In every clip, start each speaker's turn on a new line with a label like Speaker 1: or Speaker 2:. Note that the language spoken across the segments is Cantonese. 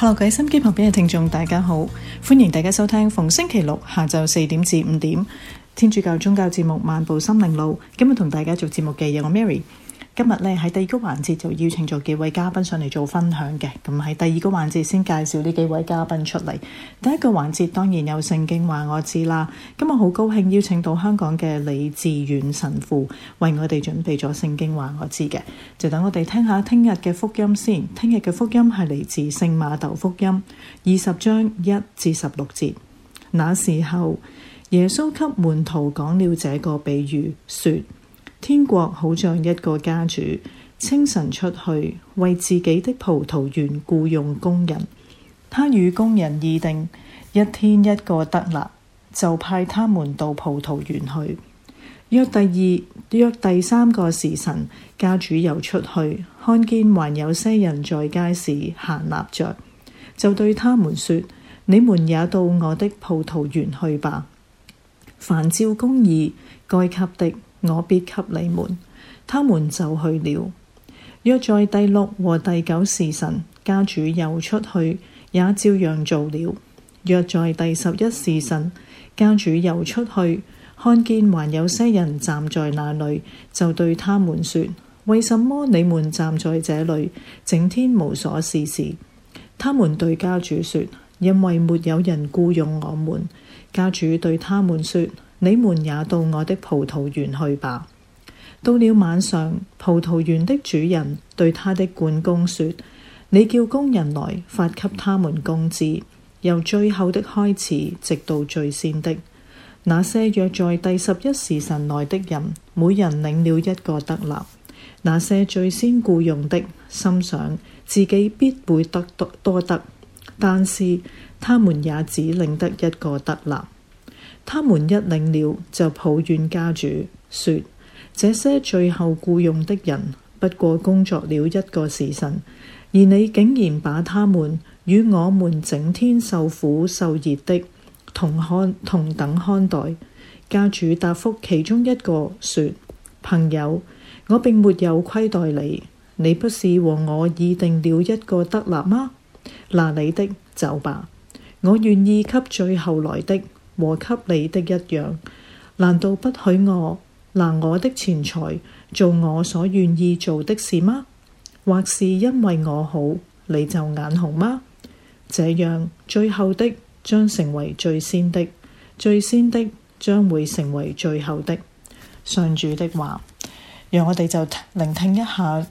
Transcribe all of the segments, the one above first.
Speaker 1: Hello，各位收音機旁邊嘅聽眾，大家好，歡迎大家收聽逢星期六下晝四點至五點天主教宗教節目《漫步心靈路》，今日同大家做節目嘅有我 Maria。今日呢，喺第二個環節就邀請咗幾位嘉賓上嚟做分享嘅，咁喺第二個環節先介紹呢幾位嘉賓出嚟。第一個環節當然有聖經話我知啦，今日好高興邀請到香港嘅李志遠神父為我哋準備咗聖經話我知嘅，就等我哋聽下聽日嘅福音先。聽日嘅福音係嚟自聖馬竇福音二十章一至十六節。那時候耶穌給門徒講了這個比喻，說天國好像一個家主，清晨出去為自己的葡萄園僱傭工人。他與工人議定一天一個得拿，就派他們到葡萄園去。約第二、約第三個時辰，家主又出去，看見還有些人在街市閑立着，就對他們說：你們也到我的葡萄園去吧，凡照公義該給的。我必給你們，他們就去了。約在第六和第九時辰，家主又出去，也照樣做了。約在第十一時辰，家主又出去，看見還有些人站在那裏，就對他們說：為什麼你們站在這裏，整天無所事事？他們對家主說：因為沒有人僱用我們。家主對他們說：你們也到我的葡萄園去吧。到了晚上，葡萄園的主人對他的管工說：你叫工人來發給他們工資，由最後的開始，直到最先的。那些約在第十一時辰來的人，每人領了一個得納；那些最先雇用的，心想自己必會得到多得，但是他們也只領得一個得納。他們一領了就抱怨家主，說：這些最後僱傭的人不過工作了一個時辰，而你竟然把他們與我們整天受苦受熱的同看同等看待。家主答覆其中一個說：朋友，我並沒有虧待你，你不是和我議定了一個德納嗎？拿你的走吧，我願意給最後來的。和給你的一樣，難道不許我拿我的錢財做我所願意做的事嗎？或是因為我好，你就眼紅嗎？這樣最後的將成為最先的，最先的將會成為最後的。上主的話，讓我哋就聆聽一下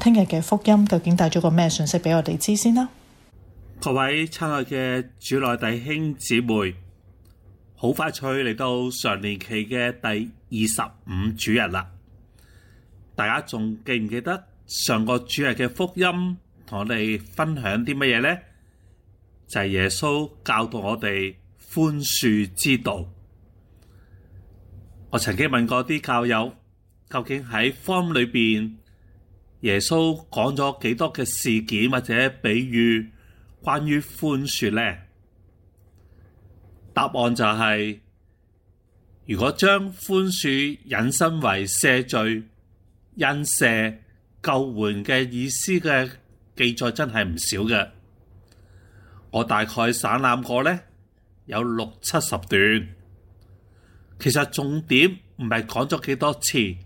Speaker 1: 聽日嘅福音，究竟帶咗個咩信息俾我哋知先啦。
Speaker 2: 各位親愛嘅主內弟兄姊妹。好快趣嚟到常年期嘅第二十五主日啦！大家仲記唔記得上個主日嘅福音同我哋分享啲乜嘢咧？就係、是、耶穌教導我哋寬恕之道。我曾經問過啲教友，究竟喺福音裏邊耶穌講咗幾多嘅事件或者比喻關於寬恕咧？答案就係、是，如果將寬恕引申為赦罪、恩赦、救援嘅意思嘅記載，真係唔少嘅。我大概散覽過呢，有六七十段。其實重點唔係講咗幾多次，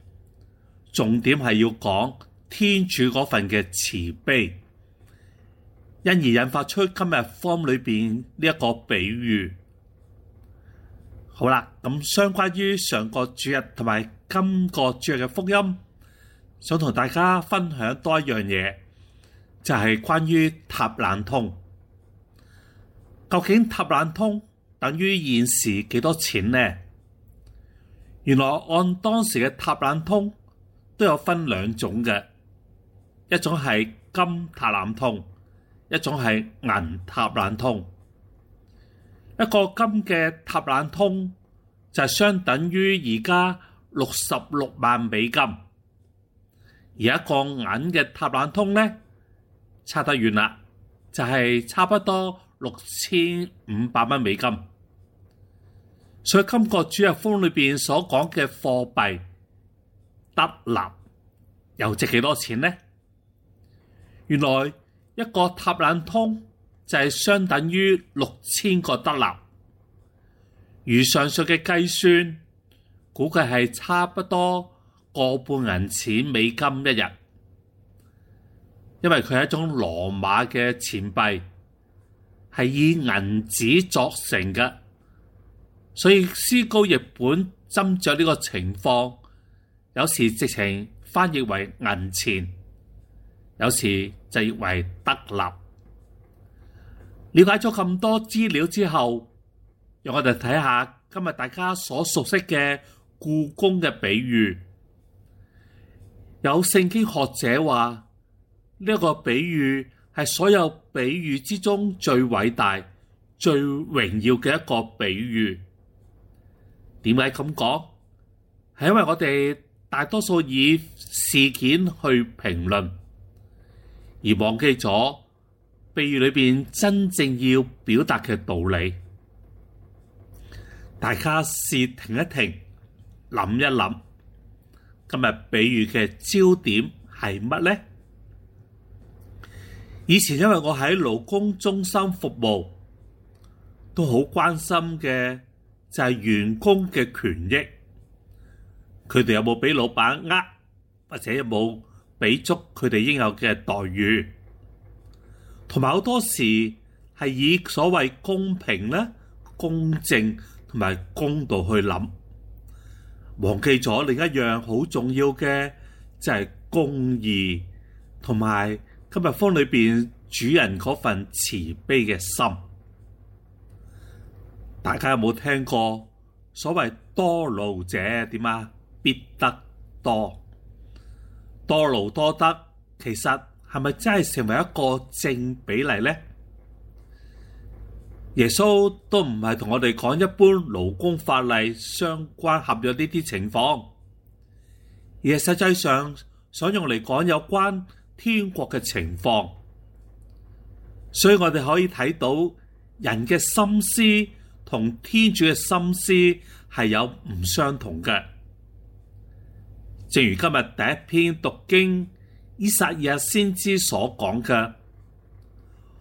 Speaker 2: 重點係要講天主嗰份嘅慈悲，因而引發出今日方裏邊呢一個比喻。好啦，咁相關於上個主日同埋今個主日嘅福音，想同大家分享多一樣嘢，就係關於塔冷通。究竟塔冷通等於現時幾多錢呢？原來按當時嘅塔冷通都有分兩種嘅，一種係金塔冷通，一種係銀塔冷通。一個金嘅塔蘭通就是，相等於而家六十六萬美金，而一個銀嘅塔蘭通咧差得遠啦，就係、是，差不多六千五百蚊美金。所以今個主日福音裏邊所講嘅貨幣德納又值幾多錢呢？原來一個塔蘭通。就係相等於六千個德納，如上述嘅計算估計係差不多個半銀錢美金一日，因為佢係一種羅馬嘅錢幣，係以銀紙作成嘅，所以思高譯本斟酌呢個情況，有時直情翻譯為銀錢，有時就譯為德納。了解咗咁多資料之後，讓我哋睇下今日大家所熟悉嘅故宮嘅比喻。有聖經學者話呢個比喻係所有比喻之中最偉大、最榮耀嘅一個比喻。點解咁講？係因為我哋大多數以事件去評論，而忘記咗。比喻裏邊真正要表達嘅道理，大家試停一停，諗一諗，今日比喻嘅焦點係乜呢？以前因為我喺勞工中心服務，都好關心嘅就係員工嘅權益，佢哋有冇畀老闆呃，或者有冇畀足佢哋應有嘅待遇？同埋好多時係以所謂公平咧、公正同埋公道去諗，忘記咗另一樣好重要嘅就係、是、公義，同埋今日封裏邊主人嗰份慈悲嘅心。大家有冇聽過所謂多勞者點啊？必得多多勞多得，其實。係咪真係成為一個正比例呢？耶穌都唔係同我哋講一般勞工法例相關合約呢啲情況，而係實際上想用嚟講有關天國嘅情況。所以我哋可以睇到人嘅心思同天主嘅心思係有唔相同嘅。正如今日第一篇讀經，以撒日先知所講嘅，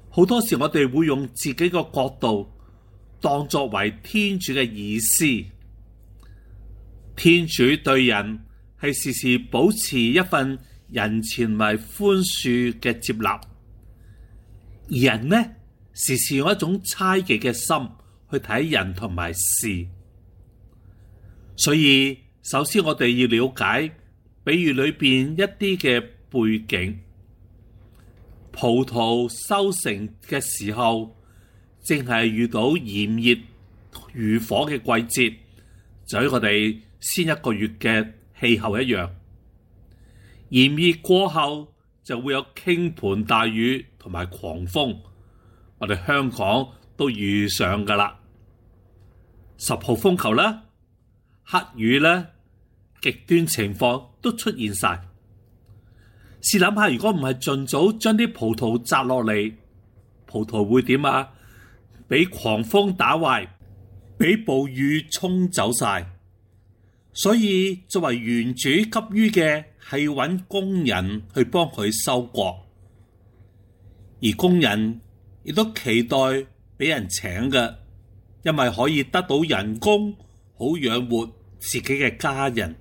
Speaker 2: 好多時我哋會用自己嘅角度當作為天主嘅意思。天主對人係時時保持一份人前為寬恕嘅接納，而人呢時時用一種猜忌嘅心去睇人同埋事。所以首先我哋要了解，比如裏邊一啲嘅。背景葡萄收成嘅時候，正係遇到炎熱如火嘅季節，就喺我哋先一個月嘅氣候一樣。炎熱過後就會有傾盆大雨同埋狂風，我哋香港都遇上噶啦。十號風球啦，黑雨啦，極端情況都出現晒。試諗下，如果唔係盡早將啲葡萄摘落嚟，葡萄會點啊？俾狂風打壞，俾暴雨沖走晒。所以作為園主，急於嘅係要揾工人去幫佢收割。而工人亦都期待俾人請嘅，因為可以得到人工，好養活自己嘅家人。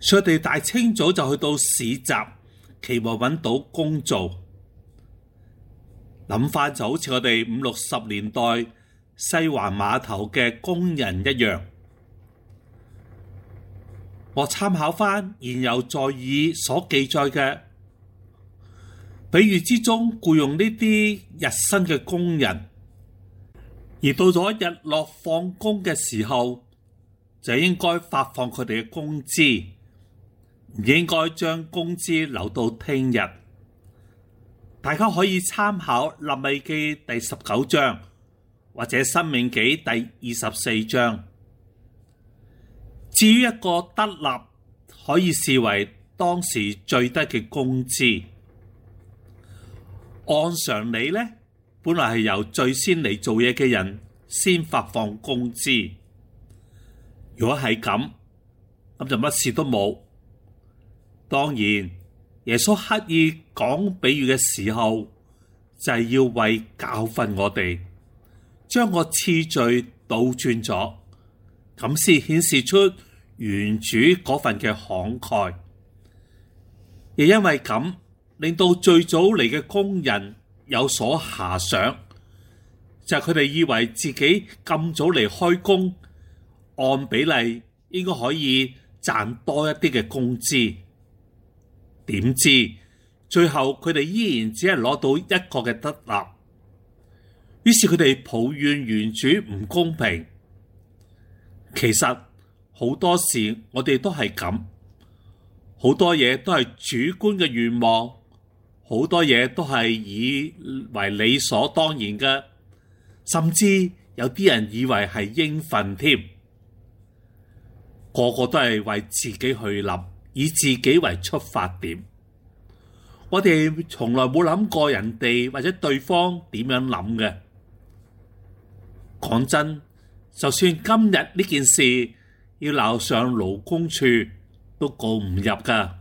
Speaker 2: 佢哋大清早就去到市集，期望搵到工做。諗翻就好似我哋五六十年代西環碼頭嘅工人一樣。我參考翻現有在史所記載嘅，比如之中僱傭呢啲日薪嘅工人，而到咗日落放工嘅時候，就應該發放佢哋嘅工資。唔應該將工資留到聽日，大家可以參考《利未記》第十九章或者《申命記》第二十四章。至於一個得立，可以視為當時最低嘅工資。按常理呢，本來係由最先嚟做嘢嘅人先發放工資。如果係咁，咁就乜事都冇。當然，耶穌刻意講比喻嘅時候，就係要為教訓我哋，將個次序倒轉咗，咁先顯示出原主嗰份嘅慷慨。亦因為咁，令到最早嚟嘅工人有所遐想，就係佢哋以為自己咁早嚟開工，按比例應該可以賺多一啲嘅工資。點知，最後佢哋依然只係攞到一個嘅得立，於是佢哋抱怨園主唔公平。其實好多事我哋都係咁，好多嘢都係主觀嘅願望，好多嘢都係以為理所當然嘅，甚至有啲人以為係應份添。個個都係為自己去諗。以自己為出發點，我哋從來冇諗過人哋或者對方點樣諗嘅。講真，就算今日呢件事要鬧上勞工處都告唔入噶。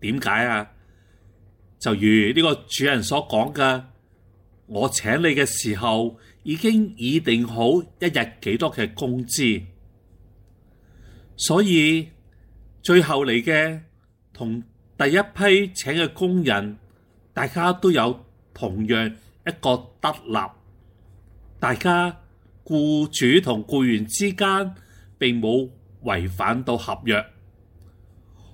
Speaker 2: 點解啊？就如呢個主人所講嘅，我請你嘅時候已經擬定好一日幾多嘅工資，所以。最後嚟嘅同第一批請嘅工人，大家都有同樣一個德納，大家僱主同僱員之間並冇違反到合約。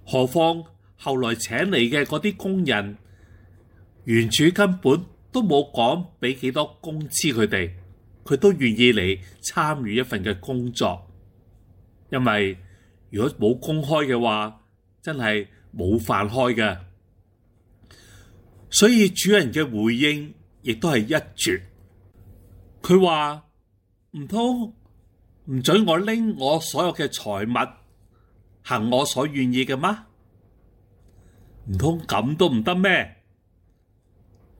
Speaker 2: 何況後來請嚟嘅嗰啲工人，原主根本都冇講俾幾多工資佢哋，佢都願意嚟參與一份嘅工作，因為。如果冇公開嘅話，真係冇飯開㗎。所以主人嘅回應亦都係一絕。佢話：唔通唔准我拎我所有嘅財物，行我所願意嘅嗎？唔通咁都唔得咩？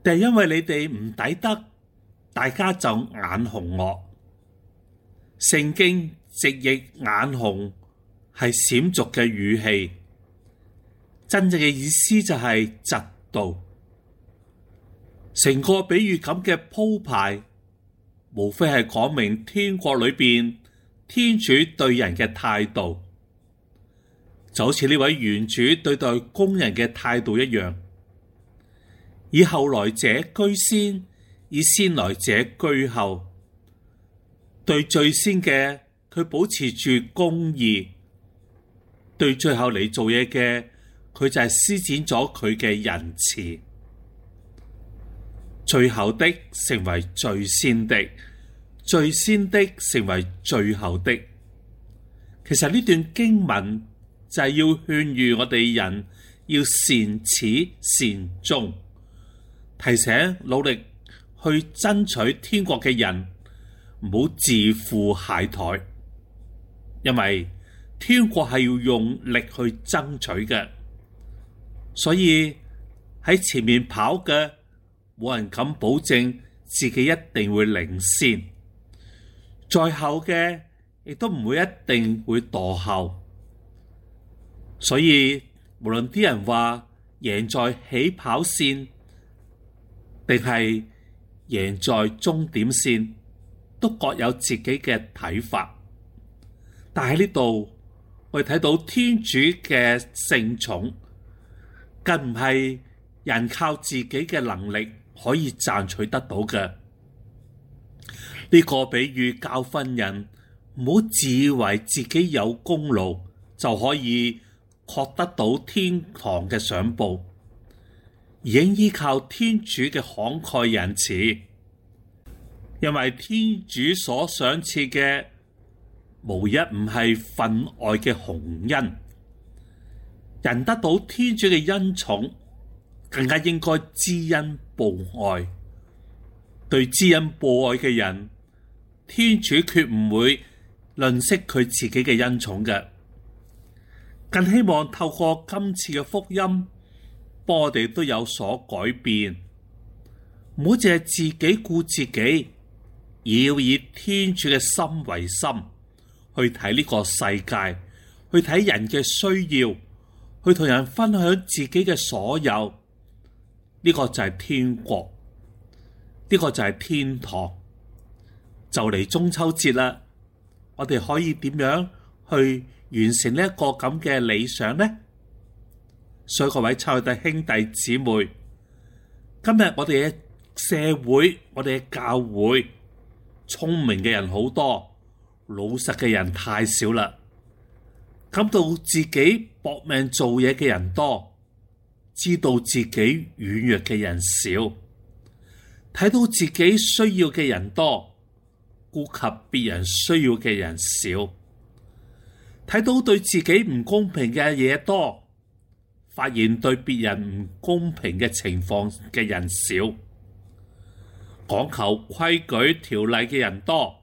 Speaker 2: 定係因為你哋唔抵得，大家就眼紅我？聖經直譯眼紅。係閃族嘅語氣，真正嘅意思就係嫉妒。成個比喻咁嘅鋪排，無非係講明天國裏邊天主對人嘅態度，就好似呢位園主對待工人嘅態度一樣。以後來者居先，以先來者居後，對最先嘅佢保持住公義。對最後嚟做嘢嘅，佢就係施展咗佢嘅仁慈。最後的成為最先的，最先的成為最後的。其實呢段經文就係要勸喻我哋人要善始善終，提醒努力去爭取天國嘅人，唔好自負懈怠，因為。天國係要用力去爭取嘅，所以喺前面跑嘅冇人敢保證自己一定會領先，最後嘅亦都唔會一定會墮後。所以無論啲人話贏在起跑線，定係贏在終點線，都各有自己嘅睇法。但喺呢度。我哋睇到天主嘅聖寵，更唔係人靠自己嘅能力可以賺取得到嘅。呢個比喻教訓人，唔好自以為自己有功勞就可以獲得到天堂嘅賞報，而應依靠天主嘅慷慨仁慈，因為天主所賞賜嘅。無一唔係份外嘅洪恩，人得到天主嘅恩寵，更加應該知恩報愛。對知恩報愛嘅人，天主決唔會吝惜佢自己嘅恩寵嘅。更希望透過今次嘅福音，幫我哋都有所改變，唔好淨係自己顧自己，而要以天主嘅心為心。去睇呢個世界，去睇人嘅需要，去同人分享自己嘅所有，呢個就係天國，呢個就係天堂。就嚟中秋節啦，我哋可以點樣去完成呢一個咁嘅理想呢？所以各位親愛的兄弟姊妹，今日我哋嘅社會，我哋嘅教會，聰明嘅人好多。老實嘅人太少啦，感到自己搏命做嘢嘅人多，知道自己軟弱嘅人少，睇到自己需要嘅人多，顧及別人需要嘅人少，睇到對自己唔公平嘅嘢多，發現對別人唔公平嘅情況嘅人少，講求規矩條例嘅人多。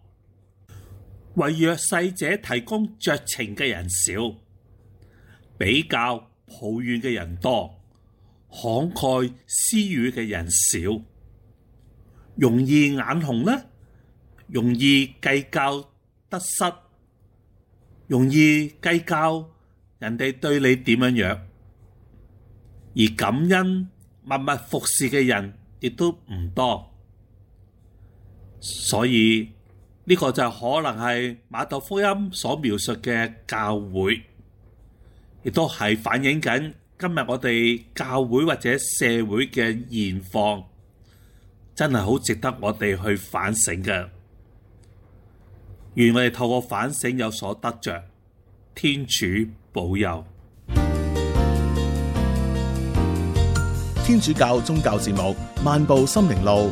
Speaker 2: 為弱勢者提供酌情嘅人少，比較抱怨嘅人多，慷慨施予嘅人少，容易眼紅咧，容易計較得失，容易計較人哋對你點樣樣，而感恩默默服侍嘅人亦都唔多，所以。呢個就可能係瑪竇福音所描述嘅教會，亦都係反映緊今日我哋教會或者社會嘅現況，真係好值得我哋去反省嘅。願我哋透過反省有所得着，天主保佑。天主教宗教節目《漫步心靈路》。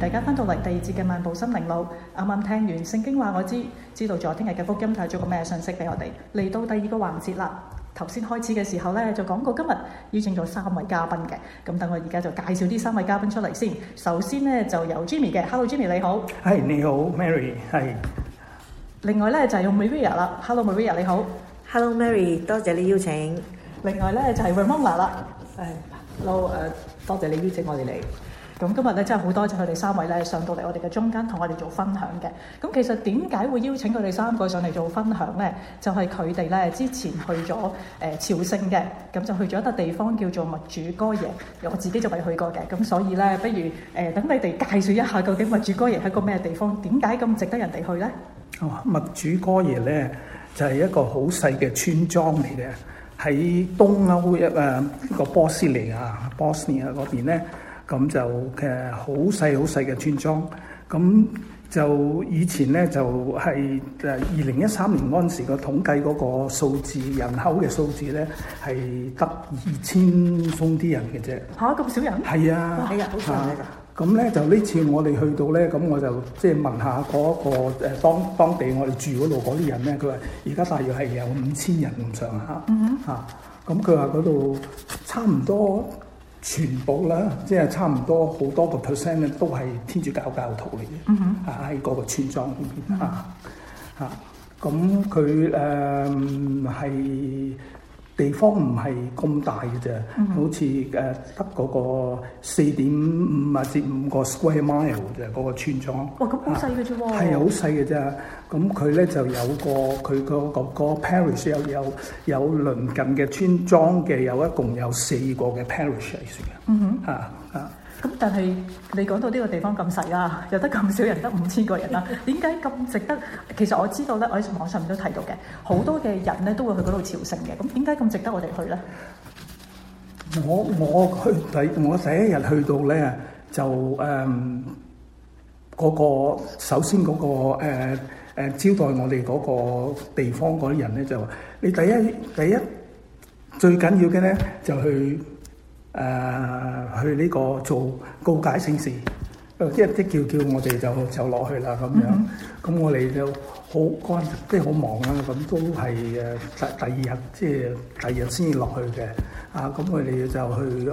Speaker 1: 大家翻到嚟第二節嘅漫步心靈路，啱啱聽完聖經話我知，知道咗聽日嘅福音帶咗個咩信息俾我哋。嚟到第二個環節啦，頭先開始嘅時候咧就講過，今日邀請咗三位嘉賓嘅，咁等我而家就介紹呢三位嘉賓出嚟先。首先咧就由 Jimmy 嘅，Hello Jimmy 你好
Speaker 3: ，Hi，你好 MaryHi。
Speaker 1: 另外咧就係 Maria 啦，Hello Maria 你好，Hello Mary 多謝你邀請。另外咧就係 Ramona 啦，係，Hello 誒多謝你邀請我哋嚟。咁今日咧真係好多謝佢哋三位咧上到嚟我哋嘅中間同我哋做分享嘅。咁其實點解會邀請佢哋三個上嚟做分享咧？就係佢哋咧之前去咗誒朝聖嘅，咁就去咗一個地方叫做默主哥耶。我自己就未去過嘅，咁所以咧不如誒等你哋介紹一下，究竟默主哥耶係一個咩地方？點解咁值得人哋去咧？
Speaker 3: 哦，默主哥耶咧就係一個好細嘅村莊嚟嘅，喺東歐一誒一個波斯尼亞、波斯尼亞嗰邊咧。咁就嘅好細好細嘅村莊，咁就以前咧就係誒二零一三年嗰陣時個統計嗰個數字人口嘅數字咧係得二千多啲人嘅啫。吓、
Speaker 1: 啊，咁少
Speaker 3: 人？係啊，係啊、哎，好少人咁咧、啊啊、就呢次我哋去到咧，咁我就即係問下嗰個誒當,當地我哋住嗰度嗰啲人咧，佢話而家大約係有五千人咁上下。嗯哼咁佢話嗰度差唔多。全部啦，即係差唔多好多個 percent 咧，都係天主教教徒嚟嘅，喺個、mm hmm. 啊、個村莊邊。吓吓、mm，咁佢誒係。啊嗯地方唔係咁大嘅啫，好似誒得嗰個四點五啊，至五個 square mile 嘅嗰、嗰個村莊。
Speaker 4: 哇，咁好細嘅
Speaker 3: 啫喎！係啊，好細嘅啫。咁佢咧就有個佢、嗰個、嗰個個 parish 有有有，有鄰近嘅村莊嘅，有一共有四個嘅 parish 嚟算嘅。嗯哼，嚇嚇、啊。啊
Speaker 1: 咁但係你講到呢個地方咁細啦，又得咁少人，得五千個人啦，點解咁值得？其實我知道咧，我喺網上面都睇到嘅，好多嘅人咧都會去嗰度朝聖嘅。咁點解咁值得我哋去咧？
Speaker 3: 我我去第我第一日去到咧，就誒嗰個，首先嗰個誒誒招待我哋嗰個地方嗰啲人咧，就話你第一第一最緊要嘅咧就去。誒、呃、去呢個做告解聖事，一、呃、一叫叫我哋就就落去啦咁樣。咁、mm hmm. 我哋就好趕，即係好忙啦。咁都係誒第第二日，即係第二日先至落去嘅。啊，咁我哋就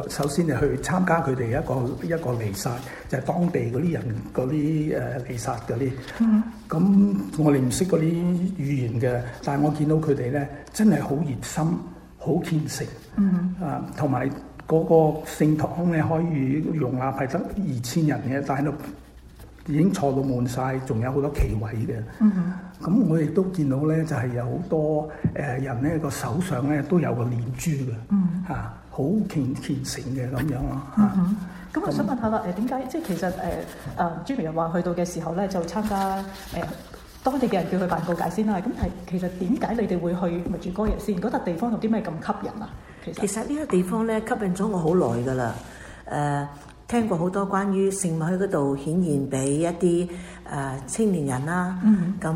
Speaker 3: 去，首先就去參加佢哋一個一個彌撒，就係、是、當地嗰啲人嗰啲誒彌撒嗰啲。嗯。咁、呃 mm hmm. 我哋唔識嗰啲語言嘅，但係我見到佢哋咧，真係好熱心，好虔誠。Mm hmm. 啊，同埋。嗰個聖堂咧，可以容納係得二千人嘅，但係都已經坐到滿晒，仲有好多企位嘅。咁、mm hmm. 我亦都見到咧，就係、是、有好多誒、呃、人咧個手上咧都有個念珠嘅嚇，好虔虔誠嘅咁樣咯。
Speaker 1: 咁我想問下啦，誒點解即係其實誒誒 Jimmy 人話去到嘅時候咧，就參加誒、呃、當地嘅人叫佢辦告解先啦。咁係其實點解你哋會去咪住歌爺先？嗰、那、笪、個、地方有啲咩咁吸引啊？
Speaker 4: 其實呢個地方咧吸引咗我好耐㗎啦，誒、呃、聽過好多關於聖物喺嗰度顯現俾一啲誒、呃、青年人啦、啊，咁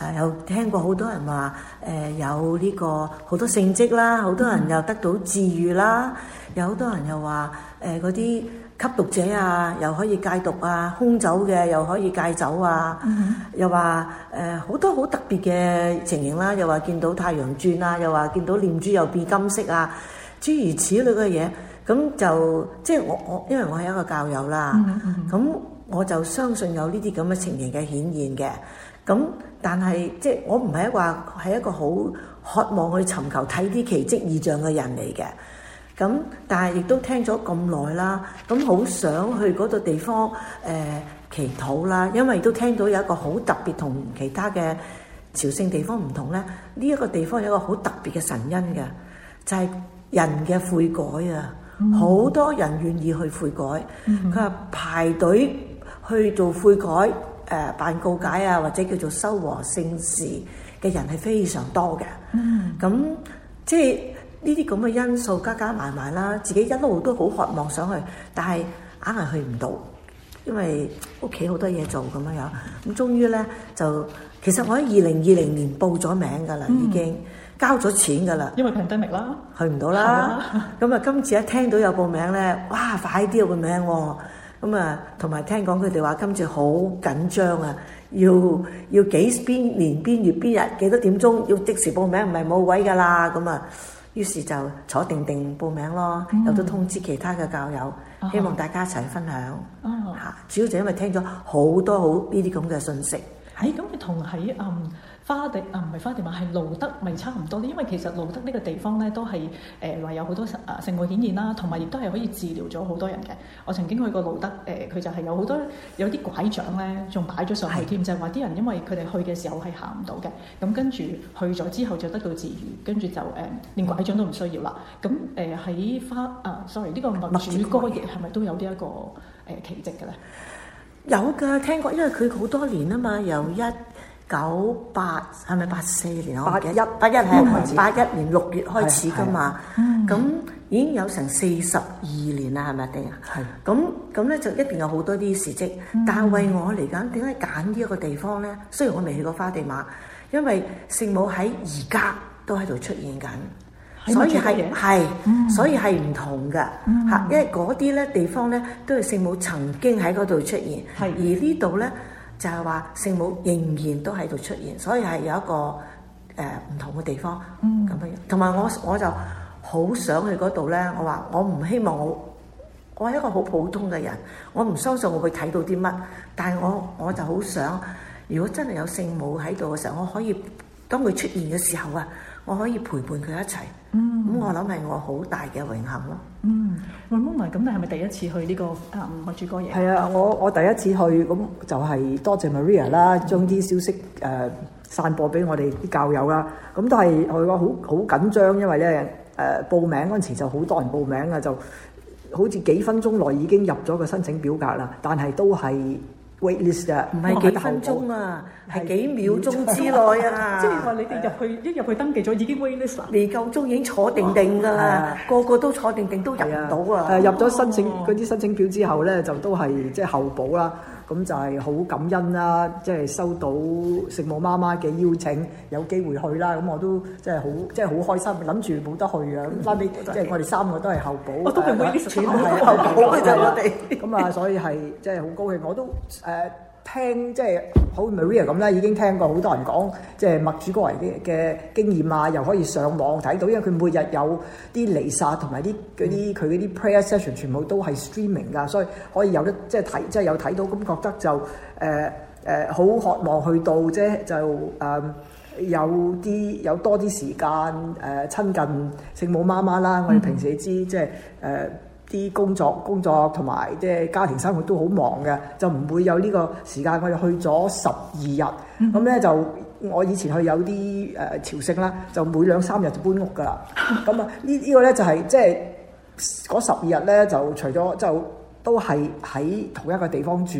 Speaker 4: 誒又聽過好多人話誒、呃、有呢、呢個好多聖跡啦，好多人又得到治愈啦，有好多人又話誒嗰啲。呃吸毒者啊，又可以戒毒啊，酗酒嘅又可以戒酒啊，mm hmm. 又話誒好多好特別嘅情形啦，又話見到太陽轉啊，又話見到念珠又變金色啊，諸如此類嘅嘢，咁就即係我我因為我係一個教友啦，咁、mm hmm. 我就相信有呢啲咁嘅情形嘅顯現嘅，咁但係即係我唔係話，係一個好渴望去尋求睇啲奇蹟異象嘅人嚟嘅。咁，但係亦都聽咗咁耐啦，咁好想去嗰度地方誒祈禱啦，因為都聽到有一個好特別同其他嘅朝聖地方唔同咧，呢一個地方有一個好特別嘅神恩嘅，就係人嘅悔改啊，好多人願意去悔改，佢話排隊去做悔改誒辦告解啊，或者叫做修和聖事嘅人係非常多嘅，咁即係。呢啲咁嘅因素加加埋埋啦，自己一路都好渴望想去，但係硬係去唔到，因為屋企好多嘢做咁樣樣。咁終於咧就其實我喺二零二零年報咗名㗎啦，已經交咗錢㗎啦。因為
Speaker 1: pandemic 啦，
Speaker 4: 去唔到啦。咁啊，今次一聽到有報名咧，哇！快啲報名喎。咁啊，同埋聽講佢哋話今次好緊張啊，要要幾邊年邊月邊日幾多點鐘要即時報名，唔係冇位㗎啦。咁啊～於是就坐定定報名咯，嗯、有都通知其他嘅教友，啊、哈希望大家一齊分享。嚇、啊哈，主要就因為聽咗好多好呢啲咁嘅信息。
Speaker 1: 係、欸，咁你同喺啊。嗯。花地瑪，啊，唔係花地瑪，係路德，咪差唔多咧。因為其實路德呢個地方咧，都係誒話有好多、呃、成啊成個顯現啦，同埋亦都係可以治療咗好多人嘅。我曾經去過路德，誒、呃、佢就係有好多有啲拐杖咧，仲擺咗上去添，的就係話啲人因為佢哋去嘅時候係行唔到嘅，咁跟住去咗之後就得到治愈，跟住就誒、呃、連拐杖都唔需要啦。咁誒喺花啊，sorry，呢個默主哥耶亦係咪都有奇蹟呢一個誒奇蹟㗎咧？有㗎，聽過，因為佢好多年啊嘛，
Speaker 4: 由一。嗯九八係咪八四年啊？八一八一係八一年六月開始噶嘛？咁已經有成四十二年啦，係咪啊，丁啊？咁咁咧就一定有好多啲事蹟。但係為我嚟講，點解揀呢一個地方咧？雖然我未去過花地馬，因為聖母喺而家都喺度出現緊，所以係係，所以係唔同嘅吓。因為嗰啲咧地方咧，都係聖母曾經喺嗰度出現，而呢度咧。就係話聖母仍然都喺度出現，所以係有一個誒唔同嘅地方咁樣。同埋我我就好想去嗰度咧，我話我唔希望我我係一個好普通嘅人，我唔相信我會睇到啲乜，但係我我就好想，如果真係有聖母喺度嘅時候，我可以當佢出現嘅時候啊。我可以陪伴佢
Speaker 1: 一齊，咁我諗係我好大嘅榮幸咯。嗯，
Speaker 4: 我
Speaker 1: 冇問咁，嗯、你係咪第一次去呢、呢個、嗯、啊？五海主歌嘢？係
Speaker 5: 啊，我我第一次去，咁就係多謝 Maria 啦，將啲消息誒、嗯呃、散播俾我哋啲教友啦。咁但係我話好好緊張，因為咧誒、呃、報名嗰陣時就好多人報名啊，就好似幾分鐘內已經入咗個申請表格啦，但係都係，waitlist 啊，唔係哇幾分鐘
Speaker 1: 啊，係幾
Speaker 5: 秒鐘之內啊！即係話
Speaker 1: 你哋入去， 一入去登記咗已經 waitlist 未
Speaker 5: 夠鐘已經坐定定噶啦，哇個個都坐定定都入唔到啊！誒、啊啊，入咗申請嗰啲哇申請表之後咧，就都係即係候補啦。就是咁就係好感恩啦，即係收到食母媽媽嘅邀請，有機會去啦。咁我都即係好，即係好開心，諗住冇得去啊。咁翻嚟，即係我哋三個都係候補，我都係冇啲錢，都候補嘅就我哋。咁啊，所以係即係好高興，我都誒。呃聽即係、就是、好似 Maria 咁啦，已經聽過好多人講即係默主哥耶啲嘅經驗啊，又可以上網睇到，因為佢每日有啲彌撒同埋啲嗰啲佢嗰啲 prayer session 全部都係 streaming 㗎，所以可以有得即係睇即係有睇到，咁覺得就誒誒好渴望去到啫，就誒、是呃、有啲有多啲時間誒、呃、親近聖母媽媽啦。嗯、我哋平時知即係誒。就是呃啲工作工作同埋即係家庭生活都好忙嘅，就唔會有呢個時間。我哋去咗十二日，咁呢就我以前去有啲誒朝聖啦，就每兩三日就搬屋噶啦。咁啊、就是，呢呢個咧就係即係嗰十二日呢，就除咗就都係喺同一個地方住，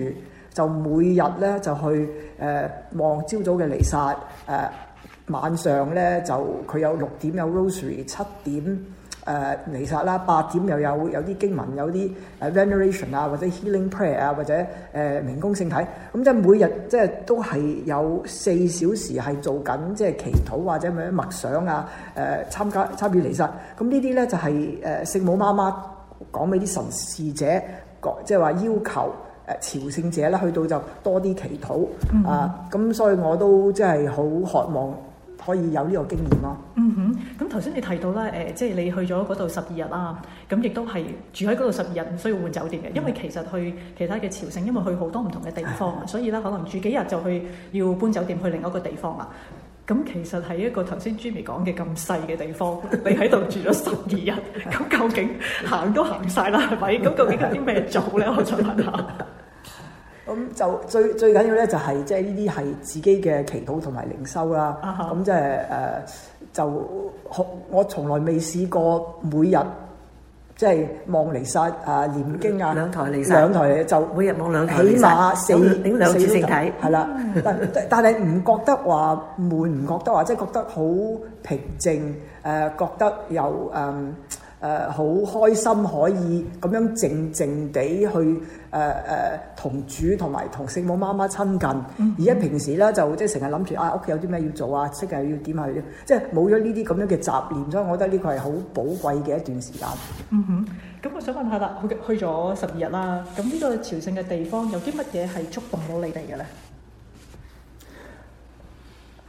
Speaker 5: 就每日呢就去誒望朝早嘅彌撒，誒、呃、晚上呢，就佢有六點有 rosary，七點。誒彌撒啦，八點又有有啲經文，有啲誒 veneration 啊，uh, oration, 或者 healing prayer 啊，或者誒、uh, 明供聖體，咁、嗯、即係每日即係都係有四小時係做緊即係祈禱或者咩默想啊，誒、呃、參加參與彌撒，咁呢啲咧就係誒聖母媽媽講俾啲神視者，即係話要求誒朝聖者啦，去到就多啲祈禱啊，咁、嗯嗯嗯嗯、所以我都即係好渴望。可以有呢個經驗咯。嗯哼，咁頭
Speaker 1: 先你提到咧，誒、呃，即係你去咗嗰度十二日啦，咁亦都係住喺嗰度十二日，唔需要換酒店嘅，因為其實去其他嘅朝聖，因為去好多唔同嘅地方，唉所以咧可能住幾日就去要搬酒店去另一個地方啦。咁其實係一個頭先 Jimmy 講嘅咁細嘅地方，你喺度住咗十二日，咁 究竟行都行晒啦，係咪？咁究竟有啲咩做咧？我想問下。
Speaker 5: 咁、嗯、就最最緊要咧、就是，就係即係呢啲係自己嘅祈禱同埋靈修啦。咁即係誒，就好、是呃、我從來未試過每日即係、就是、望嚟晒、呃、啊，念經啊，兩台嚟晒，兩台就每日望兩台嚟晒，咁兩次先睇。係啦， 但但係唔覺得話悶，唔覺得話，即、就、係、是、覺得好平靜，誒、呃、覺得有。誒、嗯。誒好、呃、開心，可以咁樣靜靜地去誒誒同主同埋同聖母媽媽親近，嗯哼，而家平時咧就即係成日諗住啊屋企有啲咩要做啊，即係要點啊，即係冇咗呢啲咁樣嘅雜念，所以我覺得呢個係好寶貴嘅一段時間。
Speaker 1: 嗯哼，咁我想問下啦，去去咗十二日啦，咁呢個朝聖嘅地方有啲乜嘢係觸動到你哋嘅咧？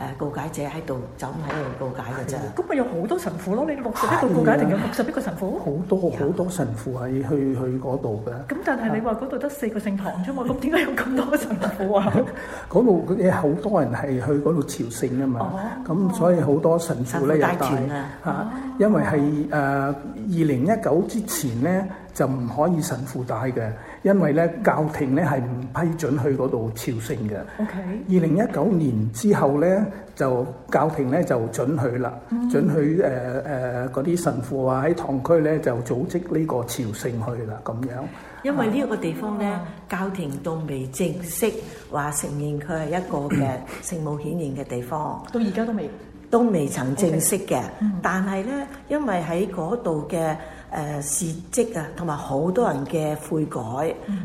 Speaker 4: 誒告解者喺度走喺度告解嘅啫，咁咪的有好多神父
Speaker 1: 咯？你六十一個告解，定有六十一個神父？
Speaker 3: 好多好多神父係去去嗰度嘅。咁、嗯、
Speaker 1: 但係你話嗰度得四個聖堂啫嘛？點解 有
Speaker 3: 咁多神父啊？嗰度啲好多人係去嗰度朝聖啊嘛，咁、哦、所以好多神父咧又、哦、帶嚇，啊、因為係誒二零一九之前咧就唔可以神父帶嘅。因為咧，教廷咧係唔批准去嗰度朝聖嘅。二零一九年之後咧，就教廷咧就準許啦，準許誒誒嗰啲神父啊喺堂區咧就組織呢個朝聖去啦，咁樣。
Speaker 4: 因為呢一個地方咧，教廷都未正式話承認佢係一個嘅聖母顯現嘅地方。到而家都未，都未曾正式嘅。但係咧，因為喺嗰度嘅。誒、呃、事蹟啊，同埋好多人嘅悔改，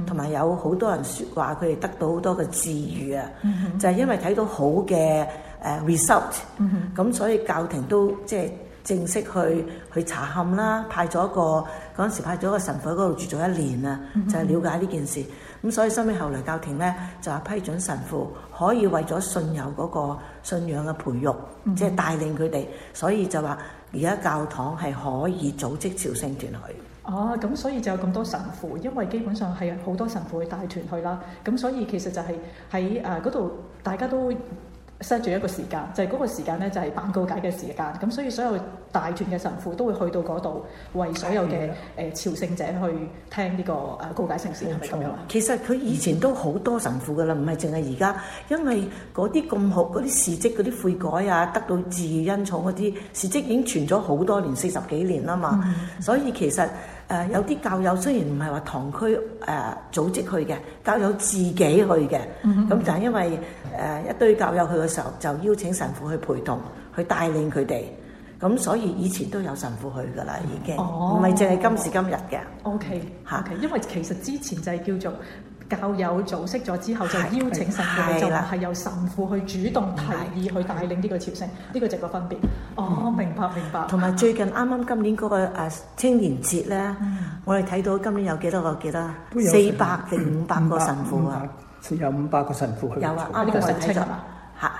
Speaker 4: 同埋、嗯、哼有好多人説話，佢哋得到好多嘅治愈。啊，嗯、哼就係因為睇到好嘅誒、呃、result，咁、嗯、哼所以教廷都即係、就是、正式去、嗯、哼去查勘啦、啊，派咗個嗰陣時派咗個神父喺嗰度住咗一年啊，就係、是、了解呢件事。咁、嗯、哼所以收尾後嚟，教廷呢，就話批准神父可以為咗信友嗰個信仰嘅培育，即係帶領佢哋，所以就話。而家教堂係可以組織朝聖團去。
Speaker 1: 哦、啊，咁所以就有咁多神父，因為基本上係好多神父會帶團去啦。咁所以其實就係喺誒嗰度，大家都。塞住一個時間，就係、是、嗰個時間咧，就係、是、辦告解嘅時間。咁所以所有大團嘅神父都會去到嗰度，為所有嘅誒的、呃、朝聖者去聽呢、這個誒、呃、告解聖事，係咪咁樣啊？
Speaker 4: 其實佢以前都好多神父噶啦，唔係淨係而家，因為嗰啲咁好嗰啲事蹟，嗰啲悔改啊，得到治癒恩寵嗰啲事蹟已經傳咗好多年，四十幾年啦嘛，嗯、所以其實。誒、uh, 有啲教友雖然唔係話堂區誒、uh, 組織去嘅，教友自己去嘅，咁、mm hmm. 但係因為誒、uh, 一堆教友去嘅時候，就邀請神父去陪同，去帶領佢哋，咁所以以前
Speaker 1: 都有神父去㗎喇，已經哦、唔係淨係今時今日嘅。O K. 下期。因為其實之前就係叫做。教友組織咗之後就邀請神父，就唔係由神父去主動提議去帶領呢個朝聖，呢個值個分別。哦，明白明白。同埋
Speaker 4: 最近啱啱今年嗰個青年節咧，我哋睇到今年有幾多個？記得四百定五百個神父啊？有五百個神父去。有啊，啱啱我睇咗。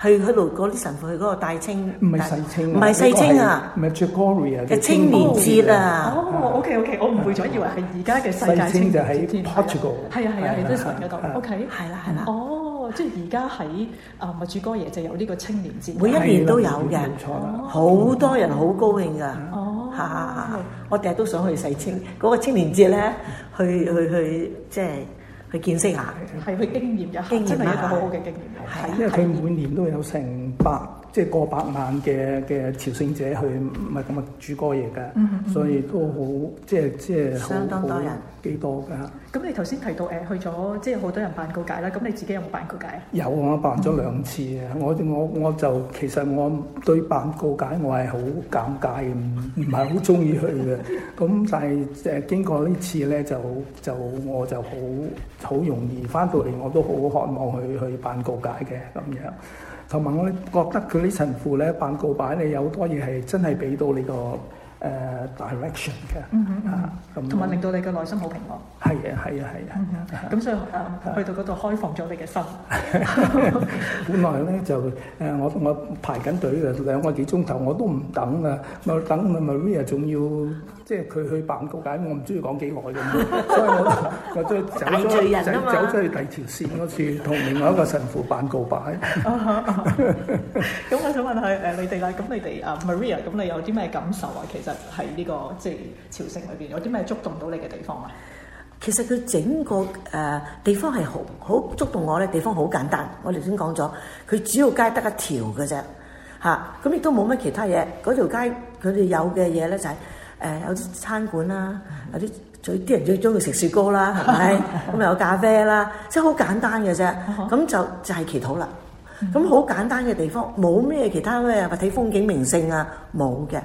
Speaker 4: 去去度嗰啲神父去嗰個大清，唔係細清啊，唔係細清啊，唔係默主哥
Speaker 3: 耶嘅青年節啊。
Speaker 1: 哦，OK OK，我誤會咗，以為係而家嘅世界青年
Speaker 3: 節
Speaker 4: 添啊。係啊係啊，喺葡國嗰度。
Speaker 1: OK，係啦係啦。哦，即係而家喺啊，默主哥耶就有呢個青年節，每一年都有嘅，
Speaker 4: 唔錯啦，好多人好高興噶。哦，嚇！我第日都想去細清嗰個青年節咧，去去去，即係。去見識
Speaker 1: 下，係去經驗一下，真係
Speaker 4: 一個好好嘅經驗嚟。
Speaker 3: 因為佢每年都有成百即係過百萬嘅嘅朝聖者去，唔係咁嘅煮歌嘢嘅，嗯、哼所以都好即係即係相當多人幾多嘅。
Speaker 1: 咁你頭先提到誒去咗即係好多人辦告解啦，咁你自己有冇辦告解？
Speaker 3: 有啊，我辦咗兩次啊、嗯哼！我我我就其實我對辦告解我係好尷尬，唔唔係好中意去嘅。咁 但係誒經過次呢次咧，就就我就好好容易翻到嚟，我都好渴望去去辦告解嘅咁樣。同埋我覺得佢呢層褲咧，扮告白咧，有好多嘢係真係俾到你個。誒 direction 嘅，啊咁同埋令到你嘅內心好平和。係啊係啊係啊，
Speaker 1: 咁所以誒去到嗰度開放咗你嘅心。
Speaker 3: 本來咧就誒我我排緊隊嘅兩個幾鐘頭我都唔等啊，我等阿 Maria 仲要即係佢去辦告解，我唔中意講幾耐噉，所以我我再走咗走走出去第二條線嗰次同另外一個神父辦告白。
Speaker 1: 咁我想問下誒你哋啦，咁你哋阿 Maria 咁你有啲咩感受啊？其實？就喺呢個即係朝聖裏邊，有啲咩觸
Speaker 4: 動到你嘅地方啊？其實佢整個誒地方係好好觸動我咧，地方好簡單。我頭先講咗，佢主要街得一條嘅啫，吓、啊，咁亦都冇乜其他嘢。嗰條街佢哋有嘅嘢咧就係、是、誒、呃、有啲餐館啦、啊，有啲最啲人最中意食雪糕啦、啊，係咪？ 咁又有咖啡啦、啊，即係好簡單嘅啫。咁 就就係、是、祈禱啦。咁好簡單嘅地方，冇咩其他咩啊，或睇風景名勝啊，冇嘅。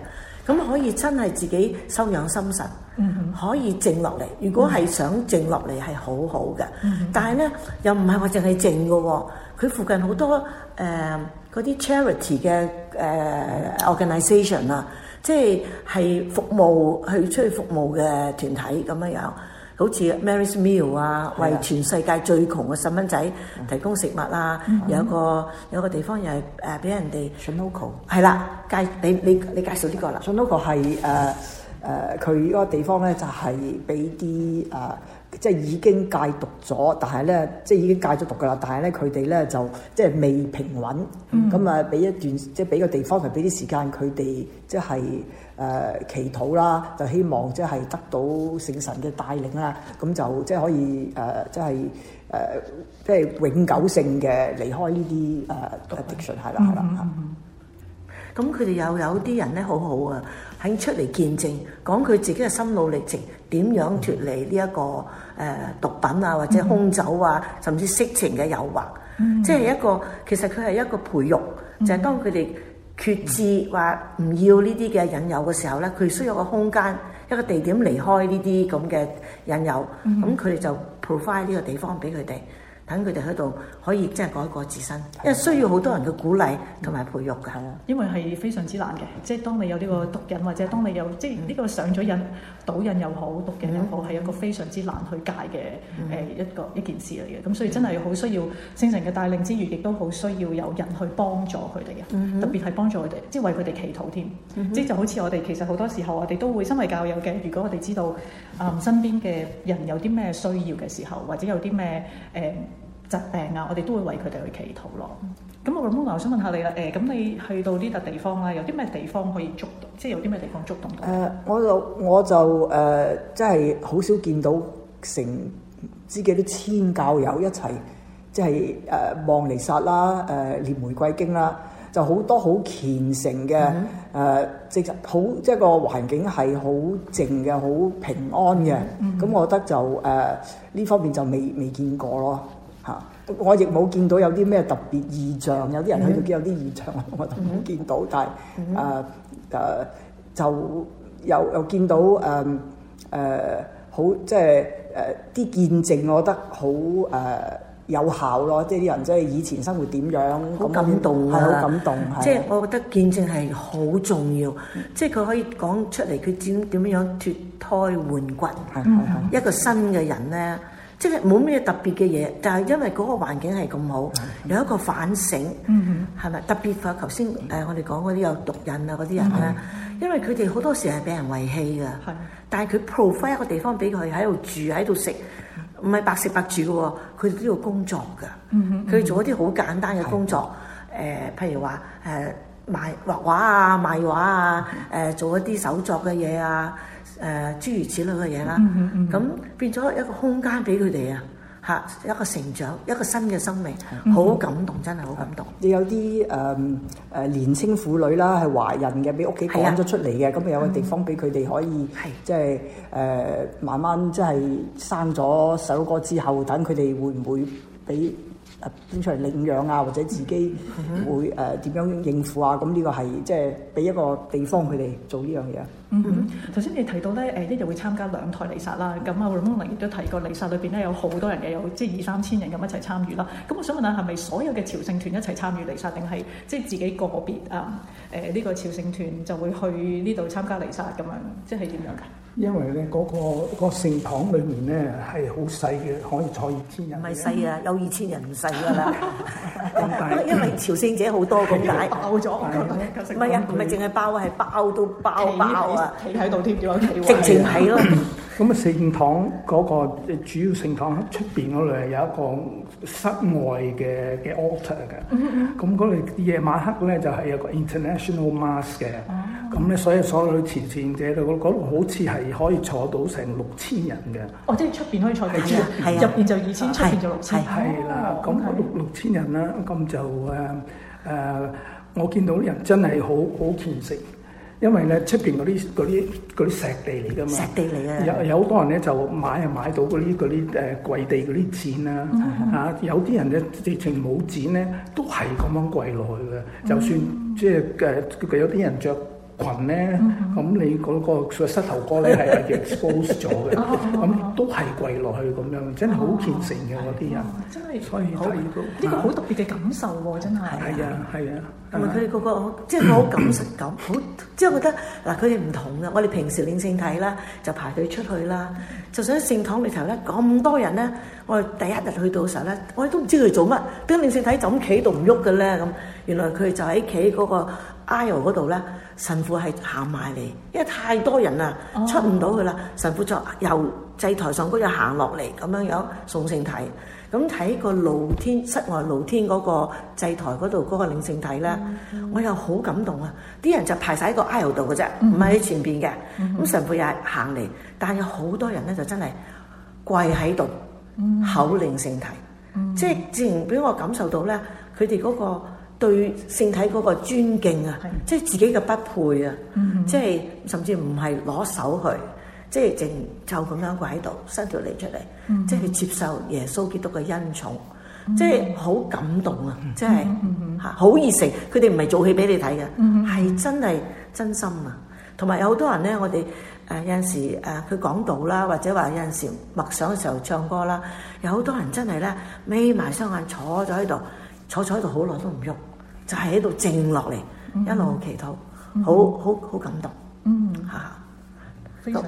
Speaker 4: 咁可以真係自己修養心神，嗯嗯可以靜落嚟。如果係想靜落嚟係好好嘅，嗯嗯但係呢，又唔係話淨係靜嘅喎、哦。佢附近好多誒嗰啲 charity 嘅誒、呃、organisation 啊，即係係服務去出去服務嘅團體咁樣樣。好似 Mary's Meal 啊，為全世界最窮嘅細蚊仔提供食物啊！有一個有一
Speaker 5: 個地方又係誒俾人哋。Shinoko 係啦，介你你你介紹呢個啦。Shinoko 係誒誒，佢嗰個地方咧就係俾啲誒，即係已經戒毒咗，但係咧即係已經戒咗毒㗎啦，但係咧佢哋咧就即係未平穩，咁啊俾一段即係俾個地方同俾啲時間佢哋即係。誒、呃、祈禱啦，就希望即係得到聖神嘅帶領啦，咁就即係可以誒，即係誒，即係永久性嘅離開呢啲誒 addiction 啦，係、嗯、啦。咁佢哋有有啲人咧，好好啊，喺
Speaker 4: 出嚟見證，講佢自己嘅心路歷程，點樣脫離呢、這、一個誒、呃、毒品啊，或者空酒啊，嗯嗯、甚至色情嘅誘惑。嗯嗯、即係一個，其實佢係一個培育，就係、是、當佢哋。嗯嗯決志話唔要呢啲嘅引誘嘅時候呢佢、嗯、需要一個空間一個地點離開呢啲咁嘅引誘，咁佢哋就 provide 呢個地方俾佢哋。等佢哋喺度可以即係改過自身，因為需要好多人嘅鼓勵同埋培育嘅，係、嗯嗯、啊。
Speaker 1: 因為係非常之難嘅，即係當你有呢個毒癮或者當你有即係呢個上咗癮，賭癮又好、毒癮又好，係、嗯、一個非常之難去戒嘅誒一個一件事嚟嘅。咁所以真係好需要聖、嗯、神嘅帶領之餘亦都好需要有人去幫助佢哋嘅，嗯、特別係幫助佢哋，即、就、係、是、為佢哋祈禱添。即係就好似我哋其實好多時候，我哋都會身為教友嘅，如果我哋知道啊身邊嘅人有啲咩需要嘅時候，或者有啲咩誒。嗯嗯疾病啊，我哋都會為佢哋去祈禱咯、啊。咁我諗我，我想問下你啦。誒，咁你去到呢笪地方咧，有啲咩地方可以觸動？即係有啲咩地方觸
Speaker 5: 動到？誒、呃，我就我就誒，即係好少見到成知幾多千教友一齊，即係誒、呃、望彌撒啦，誒、呃、唸玫瑰經啦，就好多好虔誠嘅誒，即係好即係個環境係好靜嘅，好平安嘅。咁、mm hmm. 嗯、我覺得就誒呢、呃、方面就未未，未見過咯。我亦冇見到有啲咩特別異象，有啲人去到見有啲異象，我都冇見到。但係誒誒就有有見到誒誒、呃、好即係誒啲見證，我覺得好誒、呃、有效咯。即係啲人即係以前生活點樣，好感動㗎啦，好感動。即係係，
Speaker 4: 我覺得見證係好重要，即係佢可以講出嚟，佢點點樣樣脫胎換骨，嗯哼，一個新嘅人咧。即係冇咩特別嘅嘢，就係因為嗰個環境係咁好，嗯、哼有一個反省，係咪、嗯、哼特別？話頭先誒，我哋講嗰啲有毒癮啊嗰啲人咧，嗯、哼因為佢哋好多時係俾人遺棄嘅，嗯、哼但係佢 provide 一個地方俾佢喺度住喺度食，唔係白食白住嘅喎，佢都要工作㗎，佢、嗯、哼做一啲好簡單嘅工作，誒，譬如話誒賣畫畫啊、賣畫啊，誒、呃、做一啲手作嘅嘢啊。誒、呃、諸如此類嘅嘢啦，咁、嗯嗯嗯、變咗一個空間俾佢哋啊，吓一個成長，一個新嘅生命，好、嗯嗯、感動，真係好感動。
Speaker 5: 嗯、你有啲誒誒年青婦女啦，係懷孕嘅，俾屋企趕咗出嚟嘅，咁、啊、有個地方俾佢哋可以，即係誒慢慢即係生咗細路哥之後，等佢哋會唔會俾誒搬出嚟領養啊？或者自己會誒點、呃、樣應付啊？咁呢個係即係俾一個地方佢哋做呢樣嘢。
Speaker 1: Mm hmm. 嗯哼，頭先你提到咧，誒一日會參加兩台彌撒啦。咁啊，黃蒙寧亦都提過彌撒裏邊咧有好多人嘅，有即係二三千人咁一齊參與啦。咁我想問下，係咪所有嘅朝聖團一齊參與彌撒，定係即係自己個別啊？誒、嗯，呢個朝聖團就會去呢度參加彌撒咁樣，即係點樣？嗯嗯嗯、
Speaker 3: 因為咧、那個，嗰、嗯那個嗰聖、那個、堂裏面咧係好細
Speaker 4: 嘅，可以坐二千人。唔係細啊，有二千人唔細㗎啦。 因為朝聖者好多，咁解 爆咗？唔係啊，唔係淨係爆啊，係爆到爆爆。
Speaker 1: 企喺度添，點
Speaker 3: 樣睇？直情睇咯。咁啊，聖堂嗰個主要聖堂出邊嗰度，有一個室外嘅嘅 altar 嘅。咁嗰度夜晚黑咧，就係有個 International Mass 嘅。咁咧，所以所有前線者度嗰度好似係可以坐到成六千人嘅。哦，即
Speaker 1: 係出邊可以坐
Speaker 3: 幾多人？入邊就二千，出邊就六千。係。係啦，咁六六千人啦，咁就誒誒，我見到啲人真係好好虔誠。因為咧，出邊嗰啲嗰啲嗰啲石地嚟噶嘛，石地嚟有有好多人咧就買啊買到嗰啲嗰啲誒跪地嗰啲墊啦、啊，吓、嗯嗯啊，有啲人咧直情冇墊咧都係咁樣跪落去嘅，嗯嗯就算即係誒，佢、呃、有啲人着。羣咧，咁你嗰個膝頭哥咧係 expose 咗嘅，咁都係跪落去咁樣，真係好
Speaker 1: 虔誠嘅嗰啲人。真係可以，呢個好特別嘅感受喎，真係。係啊，係啊。同埋佢哋嗰個，即係佢好感受感，好即係覺得嗱，佢哋唔同
Speaker 4: 㗎。我哋平時領聖體啦，就排隊出去啦，就想聖堂裏頭咧咁多人咧，我哋第一日去到嘅時候咧，我哋都唔知佢做乜，點解領聖體就咁企度唔喐嘅咧咁，原來佢就喺企嗰個。I.O. 嗰度咧，神父係行埋嚟，因為太多人啦，出唔到去啦。Oh. 神父就由祭台上嗰度行落嚟，咁樣樣送聖體。咁睇個露天室外露天嗰個祭台嗰度嗰個領聖體咧，mm hmm. 我又好感動啊！啲人就排晒喺個 I.O. 度嘅啫，唔係、mm hmm. 喺前邊嘅。咁、mm hmm. 神父又係行嚟，但係有好多人咧就真係跪喺度、mm hmm. 口領聖體，mm hmm. 即係自然俾我感受到咧，佢哋嗰個。對聖體嗰個尊敬啊，即、就、係、是、自己嘅不配啊，
Speaker 6: 的即係
Speaker 4: 甚至唔係攞手去，嗯、喲即係淨就咁樣跪喺度，伸條脷出嚟，嗯、喲即係接受耶穌基督嘅恩寵，嗯、喲即係好感動啊！即係吓好熱誠，佢哋唔係做戲俾你睇嘅，係、嗯、喲真係真心啊！同埋有好多人咧，我哋誒有陣時誒佢講到啦，或者話有陣時默想嘅時候唱歌啦，有好多人真係咧眯埋雙眼坐咗喺度，坐坐喺度好耐都唔喐。就係喺度靜落嚟，嗯、
Speaker 1: 哼一路祈
Speaker 4: 禱，嗯、哼好好好感動，
Speaker 1: 嗯、哈哼， 非常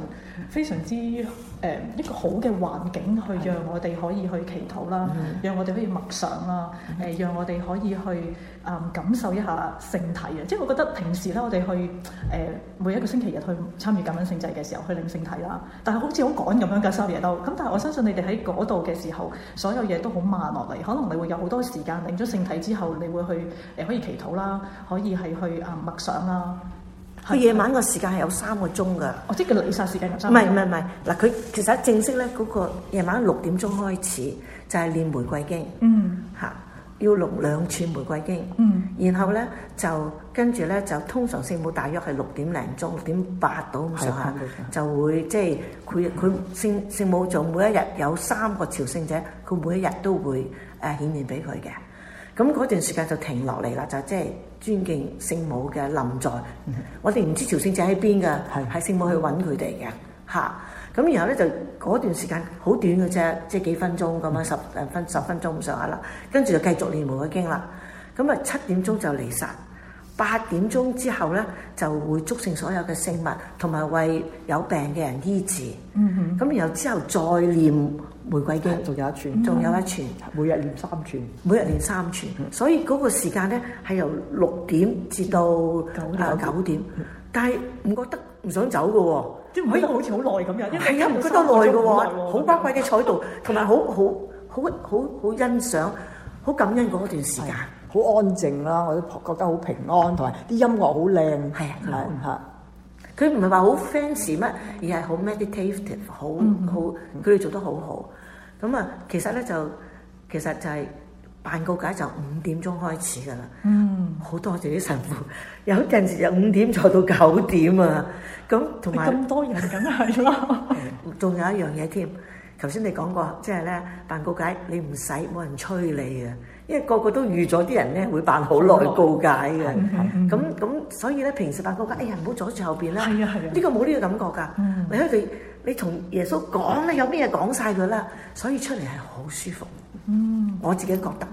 Speaker 1: 非常之。誒一個好嘅環境去讓我哋可以去祈禱啦， 讓我哋可以默想啦，誒讓我哋可以去啊、呃、感受一下聖體嘅。即係我覺得平時咧，我哋去誒、呃、每一個星期日去參與感恩聖祭嘅時候，去領聖體啦。但係好似好趕咁樣嘅三嘢都。咁但係我相信你哋喺嗰度嘅時候，所有嘢都好慢落嚟。可能你會有好多時間領咗聖體之後，你會去誒、呃、可以祈禱啦，可以係去啊默想啦。呃佢夜晚個時間係有三個鐘㗎，哦，即係練曬
Speaker 4: 時間有三。唔係唔係唔係，嗱，佢其實正式咧，嗰個夜晚六點鐘開始就係練玫瑰經，嗯，嚇要錄兩串玫瑰經，嗯，然後咧就跟住咧就通常聖母大約係六點零鐘、六點八度咁上下，就會即係佢佢聖聖母就每一日有三個朝聖者，佢每一日都會誒顯現俾佢嘅。咁嗰段時間就停落嚟啦，就即、是、係尊敬聖母嘅臨在。嗯、哼我哋唔知朝聖者喺邊噶，係是聖母去揾佢哋嘅嚇。咁、嗯哼啊、然後咧就嗰段時間好短嘅啫，即、就、係、是、幾分鐘咁樣，十零分十分鐘咁上下啦。跟住就繼續唸玫瑰經啦。咁啊七點鐘就彌撒，八點鐘之後咧就會祝聖所有嘅聖物，同埋為有病嘅人醫治。嗯咁哼、嗯、哼然後之後再念。玫瑰經仲有一串，仲有一串，每日練三串，每日練三串，所以嗰個時間咧係由六點至到誒九點，但係唔覺得唔想
Speaker 5: 走㗎喎，即
Speaker 1: 係唔覺得好似好耐咁樣，係啊，唔覺得耐㗎喎，
Speaker 5: 好巴閉嘅彩度，同埋好好好好好欣賞，好感恩嗰段時間，好安靜啦，我都覺得好平安，同埋啲音樂好靚，係啊，係啊。佢唔係話
Speaker 4: 好 fancy 乜，ancy，而係好 meditative，好好佢哋做得好好。咁啊，其實咧就其實就係辦告解就五點鐘開始㗎啦。嗯，好多謝啲神父，有陣時就五點坐到九點啊。咁同埋咁多人，梗係咯。仲有一樣嘢添，頭先你講過，即係咧辦告解你唔使冇人催你啊。因為個個都預咗啲人咧會辦好耐告解嘅，咁咁、嗯嗯嗯、所以咧平時辦告解，哎呀唔好阻住後邊啦，呢、係啊係啊、個冇呢個感覺㗎、嗯，你喺度你同耶穌講咧，有咩嘢講晒佢啦，所以出
Speaker 1: 嚟係好舒服，嗯、我自己覺得。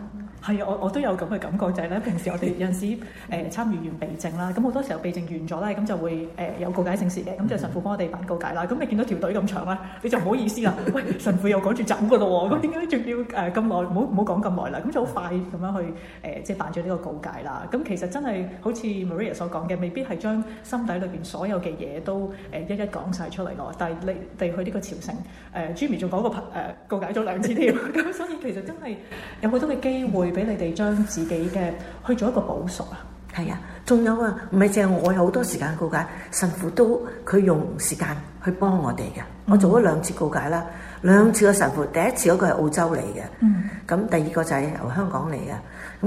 Speaker 1: 係、嗯、 我我都有咁嘅感覺，就係咧平時我哋有時誒、呃、參與完備證啦，咁好多時候備證完咗咧，咁就會誒、呃、有告解聖事嘅，咁、嗯、就神父幫我哋辦告解啦。咁你見到條隊咁長咧，你就唔好意思啦。喂，神父又趕住走噶咯喎，咁點解仲要誒咁耐？唔好唔好講咁耐啦，咁就好快咁樣去誒、呃、即係辦咗呢個告解啦。咁其實真係好似 Maria 所講嘅，未必係將心底裏邊所有嘅嘢都誒一一講晒出嚟咯。但係你哋去呢個朝聖，誒、呃、Jimmy 仲講個誒、呃、告解咗兩次添，咁所以其實真係有好多嘅機會。 俾你哋將自己嘅去做一個補贖啊，係啊，仲有啊，唔係淨係我有好多時間告解、嗯、神父都佢
Speaker 4: 用時間去幫我哋嘅。嗯、我做咗兩次告解啦，兩次嘅神父，第一次嗰個係澳洲嚟嘅，咁、嗯、第二個就係由香港嚟嘅。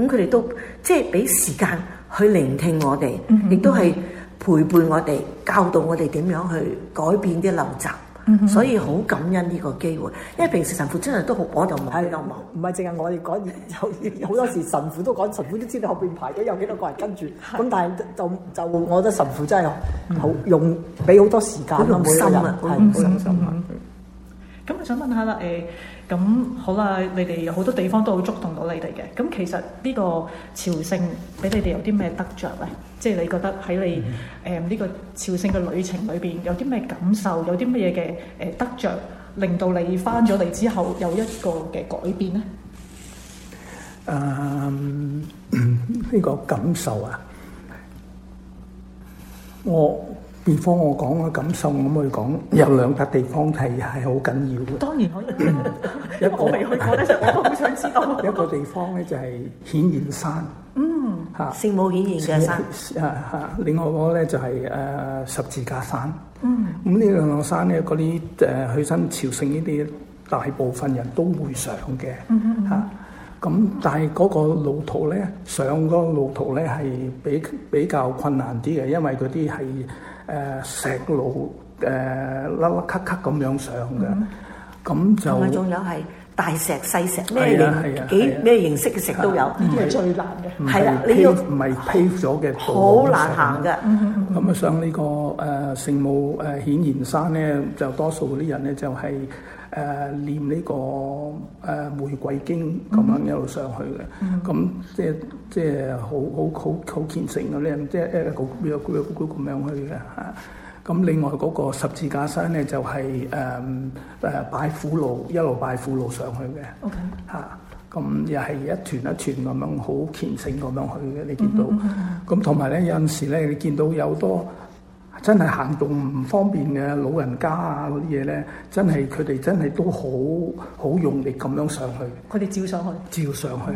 Speaker 4: 咁佢哋都即係俾時間去聆聽我哋，亦都係陪伴我哋，教導我哋點
Speaker 5: 樣去改變啲陋習。Mm hmm. 所以好感恩呢個機會，因為平時神父真係都好，mm hmm. 我就唔係咯，冇， 唔係淨係我哋講，有好多時神父都講，神父都知道後邊排咗有幾多個人跟住，咁、mm hmm. 但係就就，就我覺得神父真係好、mm hmm. 用，俾好多時間。咁用心啊，咁用心啊。咁我想問下啦，誒。咁
Speaker 1: 好啦，你哋有好多地方都好觸動到你哋嘅。咁其實呢個朝聖俾你哋有啲咩得著呢？即係你覺得喺你誒呢個朝聖嘅旅程裏邊有啲咩感受，有啲乜嘢嘅誒得著，令到你翻咗嚟之後有一個嘅改變呢？
Speaker 3: 誒，呢個感受啊，
Speaker 1: 我。
Speaker 3: 地方我講個感受咁去講，有兩笪地方係係好緊要嘅。當然可以，一個未去過咧，我都好想知道。一個地方咧就係顯然山，嗯嚇，
Speaker 4: 聖母顯現山，啊
Speaker 3: 嚇。另外嗰個咧就係誒十字架山，嗯。
Speaker 4: 咁呢兩
Speaker 3: 座山咧，嗰啲誒去親朝聖呢啲，大部分人都會上嘅，嚇。咁但係嗰個路途咧，上個路途咧係比比較困難啲嘅，因為嗰啲係。誒、呃、石路誒粒粒級級咁樣上嘅，咁就，仲有係大石細石咩形幾咩、啊、形式嘅石都
Speaker 4: 有，呢啲係最難
Speaker 3: 嘅。係啦是、啊，你要唔係鋪咗嘅，好、啊、難行嘅。咁啊、嗯嗯嗯、上呢、呢個誒聖母誒顯現山咧，就多數啲人咧就係、是。誒唸呢個誒、呃、玫瑰經咁樣一路上去嘅，咁即係即係好好好好虔誠嘅呢即係一個咕咕咕咁樣去嘅嚇。咁、啊、另外嗰個十字架山咧就係誒誒拜苦路一路拜苦路上去嘅，OK，嚇，咁又係一團一團咁樣好虔誠咁樣去嘅，你見到。咁同埋咧有陣時咧，你見到有多。真係行動唔方便嘅老人家啊，啲嘢咧，真係佢哋真係都好好用力咁樣上去。佢哋照上去，照上去，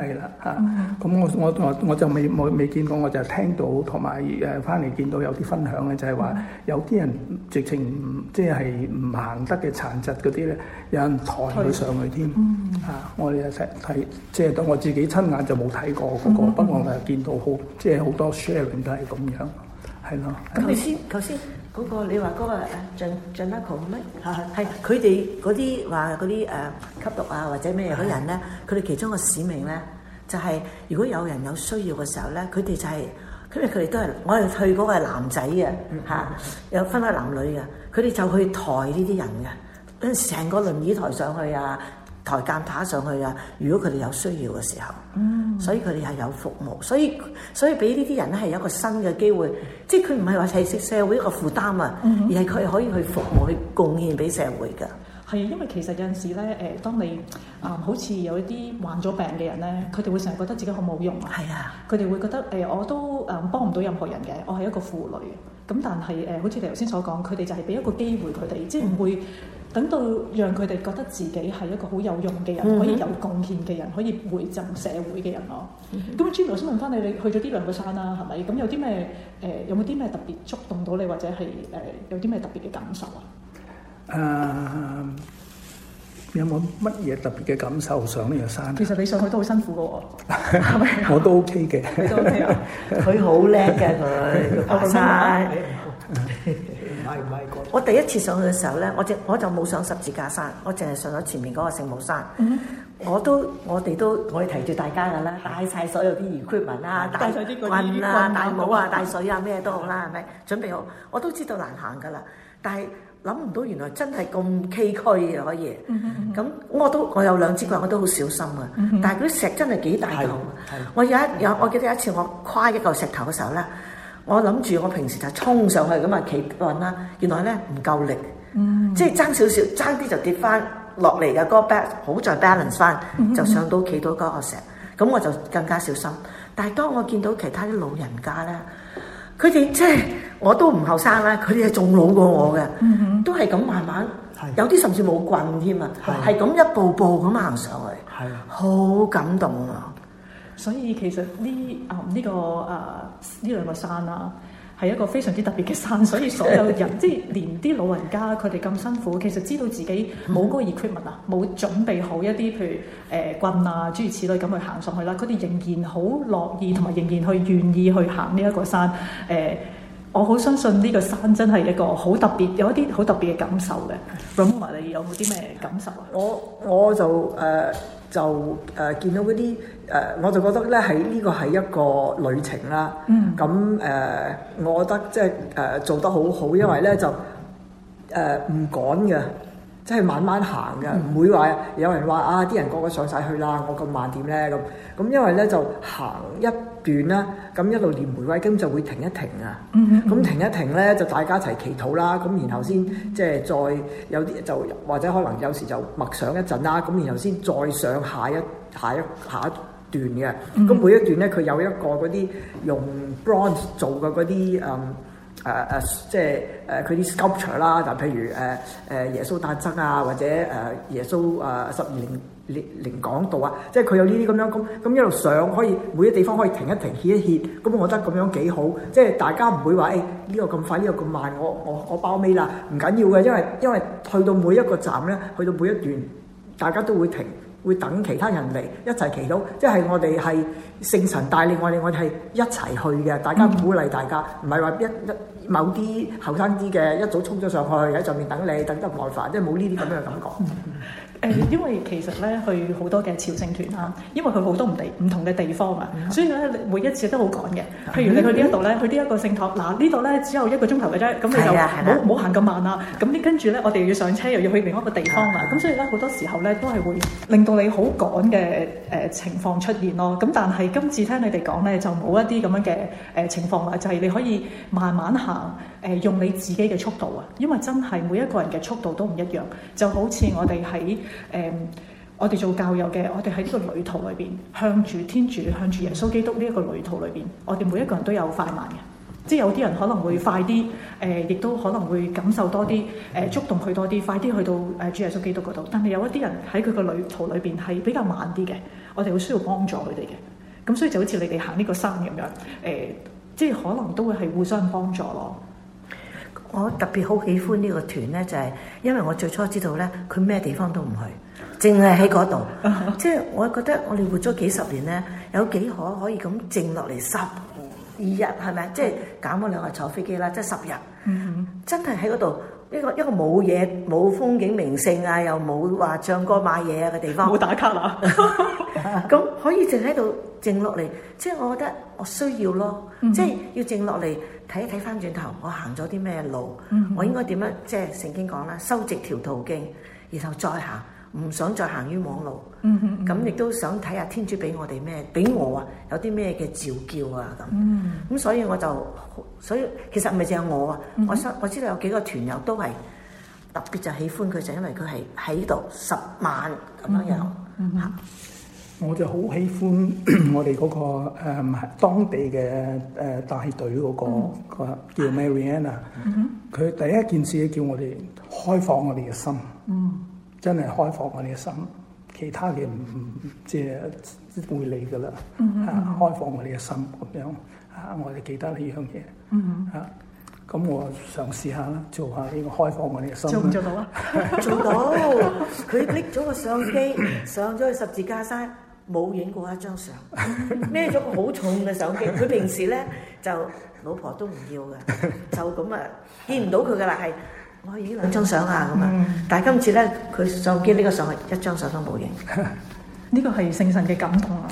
Speaker 3: 係啦嚇。咁我我我就未冇未，未見過，我就聽到同埋誒翻嚟見到有啲分享嘅就係話，mm hmm. 有啲人直情唔即係唔行得嘅殘疾嗰啲咧，有人抬佢上去添。嗯、mm hmm. 啊，我哋又實睇，即係等我自己親眼就冇睇過嗰個，不過誒見到好，即係好多 sharing 都係咁樣。
Speaker 4: 咁你先頭先嗰個你話嗰、嗰個阿 J J a c o 咩嚇，係佢哋嗰啲話嗰啲誒吸毒啊或者咩嗰啲人咧，佢哋的其中個使命咧就係、是、如果有人有需要嘅時候咧，佢哋就係，因為佢哋都係我哋去嗰個係男仔嘅嚇，啊、 有分開男女嘅，佢哋就去抬呢啲人嘅，跟成個輪椅抬上去啊！台階打上去啊！如果佢哋有需要嘅時候，嗯、所以佢哋係有服務，所以所以俾呢啲人咧係有一個新嘅機會，即係佢唔係話係食社會一個負擔啊，嗯、哼而係佢係可以去服務、嗯、哼去貢獻俾社會嘅。
Speaker 1: 係啊，因為其實有陣時咧，誒、呃，當你啊、呃，好似有一啲患咗病嘅人咧，佢哋會成日覺得自己好冇用啊，係啊，佢哋會覺得誒、呃，我都誒幫唔到任何人嘅，我係一個負累嘅。咁但係誒，好、呃、似你頭先所講，佢哋就係俾一個機會佢哋，即係唔會。等到讓佢哋覺得自己係一個好有用嘅人，可以有貢獻嘅人，可以回贈社會嘅人咯。咁啊，朱導，我先問翻你，你去咗啲兩個山啦，係咪？咁有啲咩誒？有冇啲咩特別觸動到你，或者係誒有啲咩特別嘅感受啊？
Speaker 3: 誒，有冇乜嘢特別嘅感受上呢個山？其
Speaker 1: 實你上去都好辛苦嘅喎，
Speaker 3: 我都 OK 嘅，
Speaker 4: 佢都 OK，佢好叻嘅佢爬山。我第一次上去嘅時候咧，我就我就冇上十字架山，我淨係上咗前面嗰個聖母山。Mm hmm. 我都我哋都我哋提住大家噶啦，帶晒所有啲 equipment 啦，帶棍啦，帶帽啊、帶水啊咩都好啦，係咪、mm hmm.？準備好，我都知道難行噶啦，但係諗唔到原來真係咁崎嶇嘅可以。咁、mm hmm. 我都我有兩支棍，我都好小心啊。Mm hmm. 但係嗰啲石真係幾大、mm hmm. 我有一有我記得有一次我跨一嚿石頭嘅時候咧，我諗住我平時就衝上去咁啊企穩啦，原來咧唔夠力，嗯、即係爭少少，爭啲就跌翻落嚟嘅嗰個 back，好在 balance 翻，就上到企到嗰個石，咁、嗯、我就更加小心。但係當我見到其他啲老人家咧，佢哋即係我都唔後生啦，佢哋係仲老過我嘅、嗯，都係咁慢慢，有啲甚至冇棍添啊，係咁一步步咁行上去，係啊，好感動啊！
Speaker 1: 所以其實呢啊呢、這個誒呢、啊、兩個山啦、啊，係一個非常之特別嘅山，所以所有人即係連啲老人家佢哋咁辛苦，其實知道自己冇嗰個 equipment 啊，冇、嗯、準備好一啲譬如誒、呃、棍啊諸如此類咁去行上去啦，佢哋仍然好樂意同埋仍然去願意去行呢一個山誒、呃。我好相信呢個山真係一個好
Speaker 5: 特別，有一啲好特別嘅感受嘅。Ramona，
Speaker 1: 你有冇啲咩感受啊？我
Speaker 5: 我就誒、呃、就誒、呃、見到嗰啲。誒、uh, 我就覺得咧，喺呢個係一個旅程啦。咁誒、嗯嗯，我覺得即係誒做得好好，因為咧就誒唔、呃、趕嘅，即、就、係、是、慢慢行嘅，唔、嗯、會話有人話啊，啲人個個上晒去啦，我咁慢點咧咁。咁因為咧就行一段啦，咁、嗯、一路連玫瑰經就會停一停啊。咁、嗯嗯嗯、停一停咧，就大家一齊祈禱啦。咁然後先即係再有啲就或者可能有時就默想一陣啦。咁然後先再上下一下一下一。下一段嘅，咁、mm hmm. 每一段咧，佢有一個嗰啲用 bronze 做嘅嗰啲誒誒誒，即係誒佢啲 sculpture 啦，就譬如誒誒耶穌誕生啊，或者誒、呃、耶穌誒、呃、十二零零講道啊，即係佢有呢啲咁樣，咁咁一路上可以每啲地方可以停一停，歇一歇，咁我覺得咁樣幾好，即係大家唔會話誒呢個咁快，呢、呢個咁慢，我我我包尾啦，唔緊要嘅，因為因為去到每一個站咧，去到每一段，大家都會停。會等其他人嚟一齊祈禱，即係我哋係聖神帶領我哋，我哋係一齊去嘅，大家鼓勵大家，唔係話一一某啲後生啲嘅一早衝咗上去喺上面等你，等得唔耐煩，即係冇呢啲咁樣嘅感覺。 誒，因為其實
Speaker 1: 咧，去好多嘅朝聖團啊，因為去好多唔地唔同嘅地方啊，所以咧，每一次都好趕嘅。譬如你去呢一度咧，去呢一個聖堂，嗱呢度咧只有一個鐘頭嘅啫，咁你就冇冇行咁慢啦。咁跟住咧，我哋要上車，又要去另一個地方啊。咁所以咧，好多時候咧，都係會令到你好趕嘅誒情況出現咯。咁但係今次聽你哋講咧，就冇一啲咁樣嘅誒情況啦，就係你可以慢慢行，誒用你自己嘅速度啊。因為真係每一個人嘅速度都唔一樣，就好似我哋喺誒、嗯，我哋做教友嘅，我哋喺呢個旅途裏邊，向住天主，向住耶穌基督呢一個旅途裏邊，我哋每一個人都有快慢嘅，即係有啲人可能會快啲，誒、呃，亦都可能會感受多啲，誒、呃，觸動佢多啲，快啲去到誒、呃，主耶穌基督嗰度。但係有一啲人喺佢個旅途裏邊係比較慢啲嘅，我哋會需要幫助佢哋嘅。咁所以就好似你哋行呢個山咁樣，誒、呃，即係可能都會係互相幫助咯。我特別
Speaker 4: 好喜歡呢個團咧，就係、是、因為我最初知道咧，佢咩地方都唔去，淨係喺嗰度。 即係我覺得我哋活咗幾十年咧，有幾可可以咁靜落嚟十二日，係咪啊？即係減咗兩日坐飛機啦，即係十日。嗯、哼真係喺嗰度一個一個冇嘢冇風景名勝啊，又冇話唱歌買嘢啊嘅地方。冇打卡啦。咁 可以淨喺度靜落嚟，即係我覺得我需要咯，即係、嗯、哼要靜落嚟。睇一睇翻轉頭，我行咗啲咩路？嗯、哼我應該點樣？即係聖經講啦，修直條途徑，然後再行，唔想再行冤枉路。
Speaker 6: 咁亦
Speaker 4: 都想睇下天主俾我哋咩，俾我啊有啲咩嘅召叫啊咁。咁、嗯、哼所以我就所以其實唔係淨係我啊，嗯、哼我我我知道有幾個團友都係特別就喜歡佢，就是、因為佢係喺度十萬咁樣有吓。嗯哼嗯
Speaker 3: 我就好喜歡我哋嗰、那個誒、嗯、當地嘅誒帶隊嗰、那個叫 Mariana，嗯、佢、啊、第一件事叫我哋開放我哋嘅心，嗯、真係開放我哋嘅心，其他嘅唔、嗯、即係會理㗎啦。嗯、啊，開放我哋嘅心咁樣啊，我哋記得呢樣嘢啊，咁我嘗試下啦，做下呢個開放我哋嘅心，做唔做到啊？ 做到，佢拎咗個相機上咗去十字架山。
Speaker 4: 冇影過一張相，孭咗個好重嘅相機，佢平時咧就老婆都唔要嘅，就咁啊見唔到佢嘅啦，但係
Speaker 1: 我可以影兩
Speaker 4: 張相啊咁啊，嗯、但係今次咧佢手機呢個相係一張相都冇影，
Speaker 1: 呢個係聖神嘅感動啊！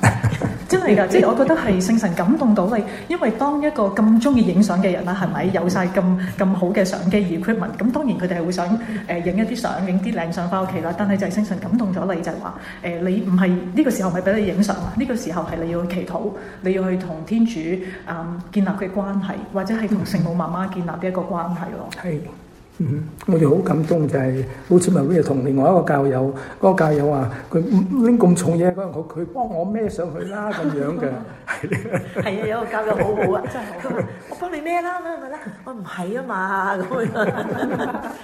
Speaker 1: 真係噶，即係我覺得係聖神感動到你，因為當一個咁中意影相嘅人啦，係咪有晒咁咁好嘅相機 equipment 咁當然佢哋係會想誒影一啲相，影啲靚相翻屋企啦。但係就係聖神感動咗你，就係話誒你唔係呢個時候係俾你影相，呢個時候係你要祈禱，你要去同天主啊建立嘅關係，或者係同聖母媽媽建立一個關係咯。係。
Speaker 3: 嗯，我哋好感動，就係好似咪好似同另外一個教友，嗰個教友話佢拎咁重嘢嗰陣，佢佢幫我孭上去啦咁樣嘅，係啊，
Speaker 4: 係啊，有個
Speaker 1: 教友好好啊，真係，佢話我幫你孭啦，咁樣啦，我唔係啊嘛，咁樣，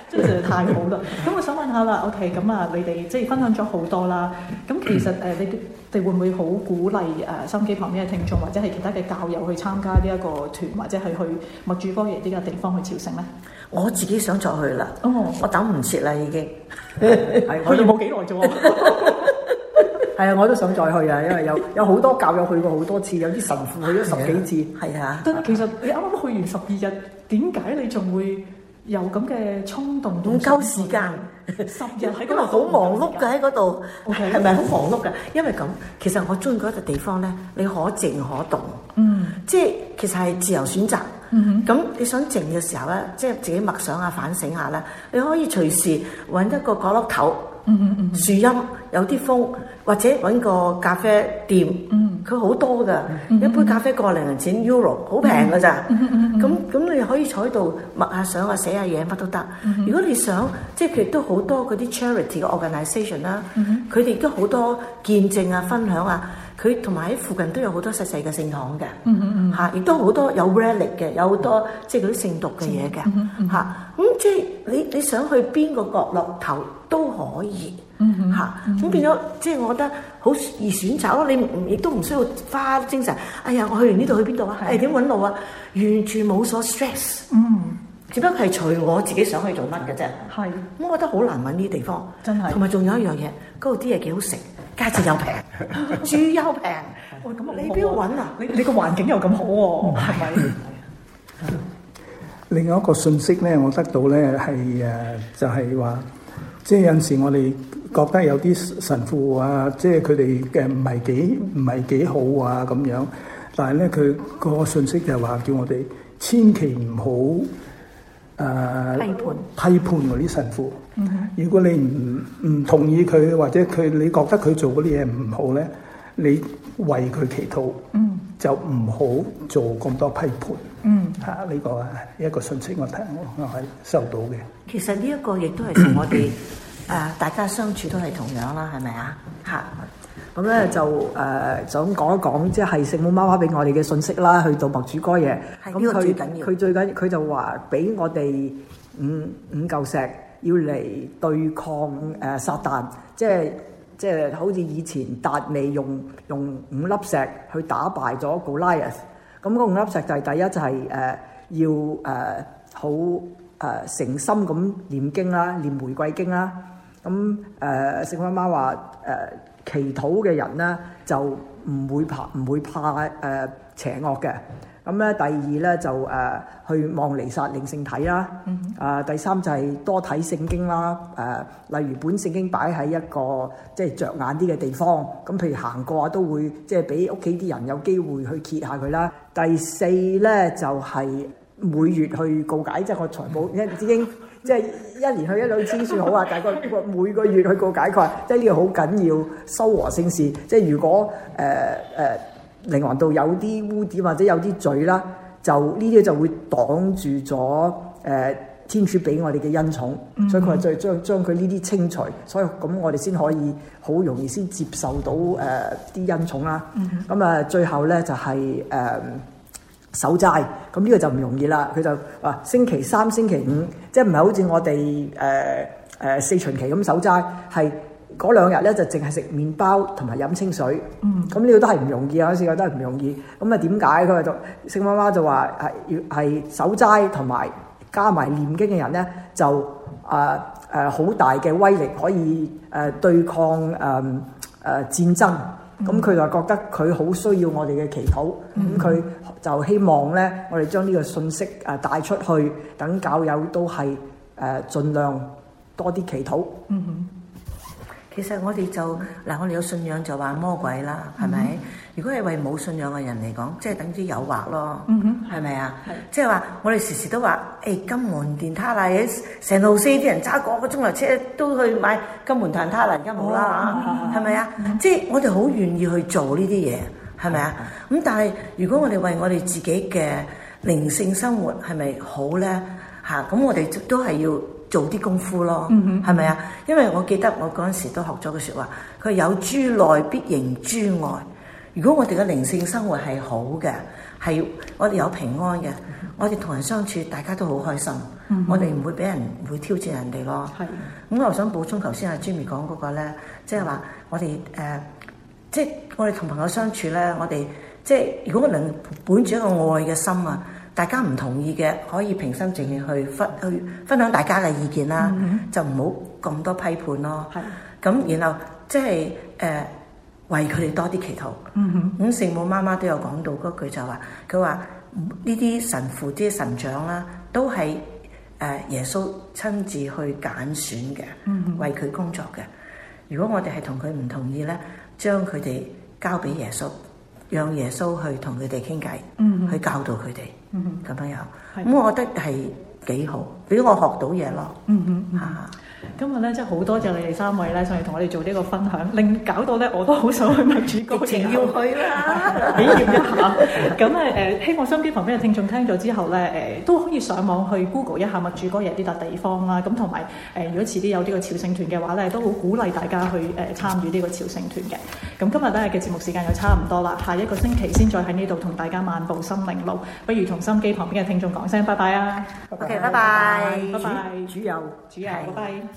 Speaker 1: 真係太好啦。咁我想問下啦，OK，咁啊，你哋即係分享咗好多啦，咁其實誒你哋。你會唔會好鼓勵誒收音機旁邊嘅聽眾，或者係其他嘅教友去參加呢一個團，或者係去默主哥耶呢個地方去朝聖咧？我自己想
Speaker 5: 再去啦，嗯，我等唔切啦，已經。係，我仲冇幾
Speaker 1: 耐
Speaker 5: 啫喎。係啊，我都想再去啊，因為有有好多教友去過好多次，有啲神父去咗十幾次，係啊。
Speaker 1: 但其實你啱啱去完十二日，點解你仲會有咁嘅衝動都？唔夠時間。十日喺度，好忙碌嘅喺嗰度，係
Speaker 4: 咪好忙碌嘅？因為咁，其實我中意嗰個地方咧，你可靜可動，嗯、mm，hmm。即係其實係自由選擇，咁、mm hmm。你想靜嘅時候咧，即係自己默想下、反省下啦，你可以隨時揾一個角落頭。嗯嗯、樹蔭有啲風，或者揾個咖啡店，佢好、嗯、多噶。嗯、一杯咖啡個零銀錢 Euro，好平噶咋？咁咁、嗯嗯嗯、你可以坐喺度拍下相啊、寫下嘢乜都得。嗯嗯、如果你想，即係佢都好多嗰啲 charity 嘅 organization 啦，佢、嗯、哋都好多見證啊、分享啊。嗯嗯嗯佢同埋喺附近都有好多細細嘅聖堂嘅，嚇，亦都好多有 relic 嘅，有好多即係嗰啲聖髑嘅嘢嘅，嚇。咁即係你你想去邊個角落頭都可以，
Speaker 6: 嚇。咁變咗
Speaker 4: 即係我覺得好易選擇咯。你亦都唔需要花精神。哎呀，我去完呢度去邊度啊？誒點揾路啊？完全冇所 stress。只不過係隨我自己想去做乜嘅啫。係。我覺得好難揾呢啲地方，真係。同埋仲有一樣嘢，嗰度啲嘢幾好食。價
Speaker 3: 錢又平， 住又平，你邊度揾啊？你啊 你個環境又咁好喎。係咪？另一個信息咧，我得到咧係誒，就係話，即係有陣時我哋覺得有啲神父啊，即係佢哋嘅唔係幾唔係幾好啊咁樣，但係咧佢個信息就話叫我哋千祈唔好。誒、呃、批判批判嗰啲神父，嗯、如果你唔唔同意佢或者佢你覺得佢做嗰啲嘢唔好咧，你為佢祈禱，嗯、就唔好做咁多批判。嚇、嗯，呢、啊呢個一、呢個信息我睇我我係收到嘅。其實呢一個亦都係同我哋誒咳咳、啊、大家相處都係同
Speaker 4: 樣啦，係咪啊？吓。
Speaker 5: 咁咧就誒，uh, 就咁講一講，即、就、係、是、聖母媽媽俾我哋嘅信息啦，去做博主哥嘢。咁佢佢最緊要，佢就話俾我哋五五嚿石，要嚟對抗誒、呃、撒旦，即係即係好似以前達利用用五粒石去打敗咗 Goliath 咁、那、嗰、個、五粒石就係、是、第一就係、是、誒、呃、要誒、呃、好誒誠、呃、心咁念經啦，念玫瑰經啦。咁、啊、誒、呃、聖母媽媽話祈禱嘅人咧就唔會怕唔會怕誒、呃、邪惡嘅，咁、嗯、咧第二咧就誒、呃、去望彌撒領聖體啦，誒、呃、第三就係多睇聖經啦，誒、呃、例如本聖經擺喺一個即係着眼啲嘅地方，咁、嗯、譬如行過都會即係俾屋企啲人有機會去揭下佢啦。第四咧就係、是、每月去告解，即係個財報已經即係。就是 一年去一兩次算好啊！大概每個月去個解過，即係呢個好緊要修和聖事。即係如果誒誒靈魂度有啲污點或者有啲罪啦，就呢啲就會擋住咗誒、呃、天主俾我哋嘅恩寵，所以佢話要將將佢呢啲清除，所以咁我哋先可以好容易先接受到誒啲、呃、恩寵啦。咁、嗯、啊，嗯、哼最後咧就係、是、誒。呃守齋咁呢個就唔容易啦，佢就啊星期三、星期五，嗯、即係唔係好似我哋誒誒四旬期咁守齋，係嗰兩日咧就淨係食麵包同埋飲清水。嗯，咁呢個都係唔容易啊，陣時覺得係唔容易。咁啊點解佢就聖媽媽就話係要係守齋同埋加埋念經嘅人咧，就啊誒好、啊、大嘅威力可以誒對、啊、抗誒誒、啊啊、戰爭。咁佢、嗯、就覺得佢好需要我哋嘅祈禱，咁佢、嗯、哼就希望呢，我哋將呢個信息啊帶出去，等教友都係誒、呃、盡量多啲祈禱。嗯哼
Speaker 4: 其實我哋就嗱，我哋有信仰就話魔鬼啦，係咪？如果係為冇信仰嘅人嚟講，即係等於誘惑咯，係咪啊？即係話我哋時時都話，誒金門電塔啦，成路四啲人揸個個鐘頭車都去買金門電塔啦，而家冇啦嚇，係咪啊？即係我哋好願意去做呢啲嘢，係咪啊？咁但係如果我哋為我哋自己嘅靈性生活係咪好咧？嚇，咁我哋都係要做啲功夫咯，係咪啊？因為我記得我嗰陣時都學咗個説話，佢有諸內必盈諸外。如果我哋嘅靈性生活係好嘅，係我哋有平安嘅，嗯、哼我哋同人相處大家都好開心，嗯、
Speaker 6: 哼我哋唔
Speaker 4: 會俾人唔會挑戰人哋咯。咁是、嗯、我又想補充頭先阿 Jimmy 講嗰個咧，即係話我哋誒、呃，即係我哋同朋友相處咧，我哋即係如果我能本住一個愛嘅心啊！大家唔同意嘅，可以平心靜氣去分去分享大家嘅意見啦，mm hmm. 就唔好咁多批判咯。咁、mm hmm. 然後即係誒、呃、為佢哋多啲祈禱。
Speaker 6: 咁
Speaker 4: 聖、mm hmm. 母媽媽都有講到嗰句就話，佢話呢啲神父、啲神長啦，都係誒耶穌親自去揀選嘅，mm hmm. 為佢工作嘅。如果我哋係同佢唔同意呢，將佢哋交俾耶穌，讓耶穌去同佢哋傾偈，mm hmm. 去教導佢哋。咁朋友，咁我覺得係幾好，俾我學到嘢
Speaker 1: 咯。嗯嗯，吓、啊。今日咧真係好多謝你哋三位咧，上嚟同我哋做呢個分享，令搞到咧我都好想去默主哥耶。疫情要去啦，體驗一下。咁啊誒，希望收機旁邊嘅聽眾聽咗之後咧，誒、呃、都可以上網去 Google 一下默主哥耶入邊笪地方啦。咁同埋誒，如果遲啲有呢個朝聖團嘅話咧，都好鼓勵大家去誒、呃、參與呢個朝聖團嘅。咁、啊、今日咧嘅節目時間又差唔多啦，下一個星期先再喺呢度同大家漫步心靈路。不如同心機旁邊嘅聽眾講聲拜拜啊！OK，拜拜、okay，拜拜，
Speaker 5: 主佑，主佑，拜拜。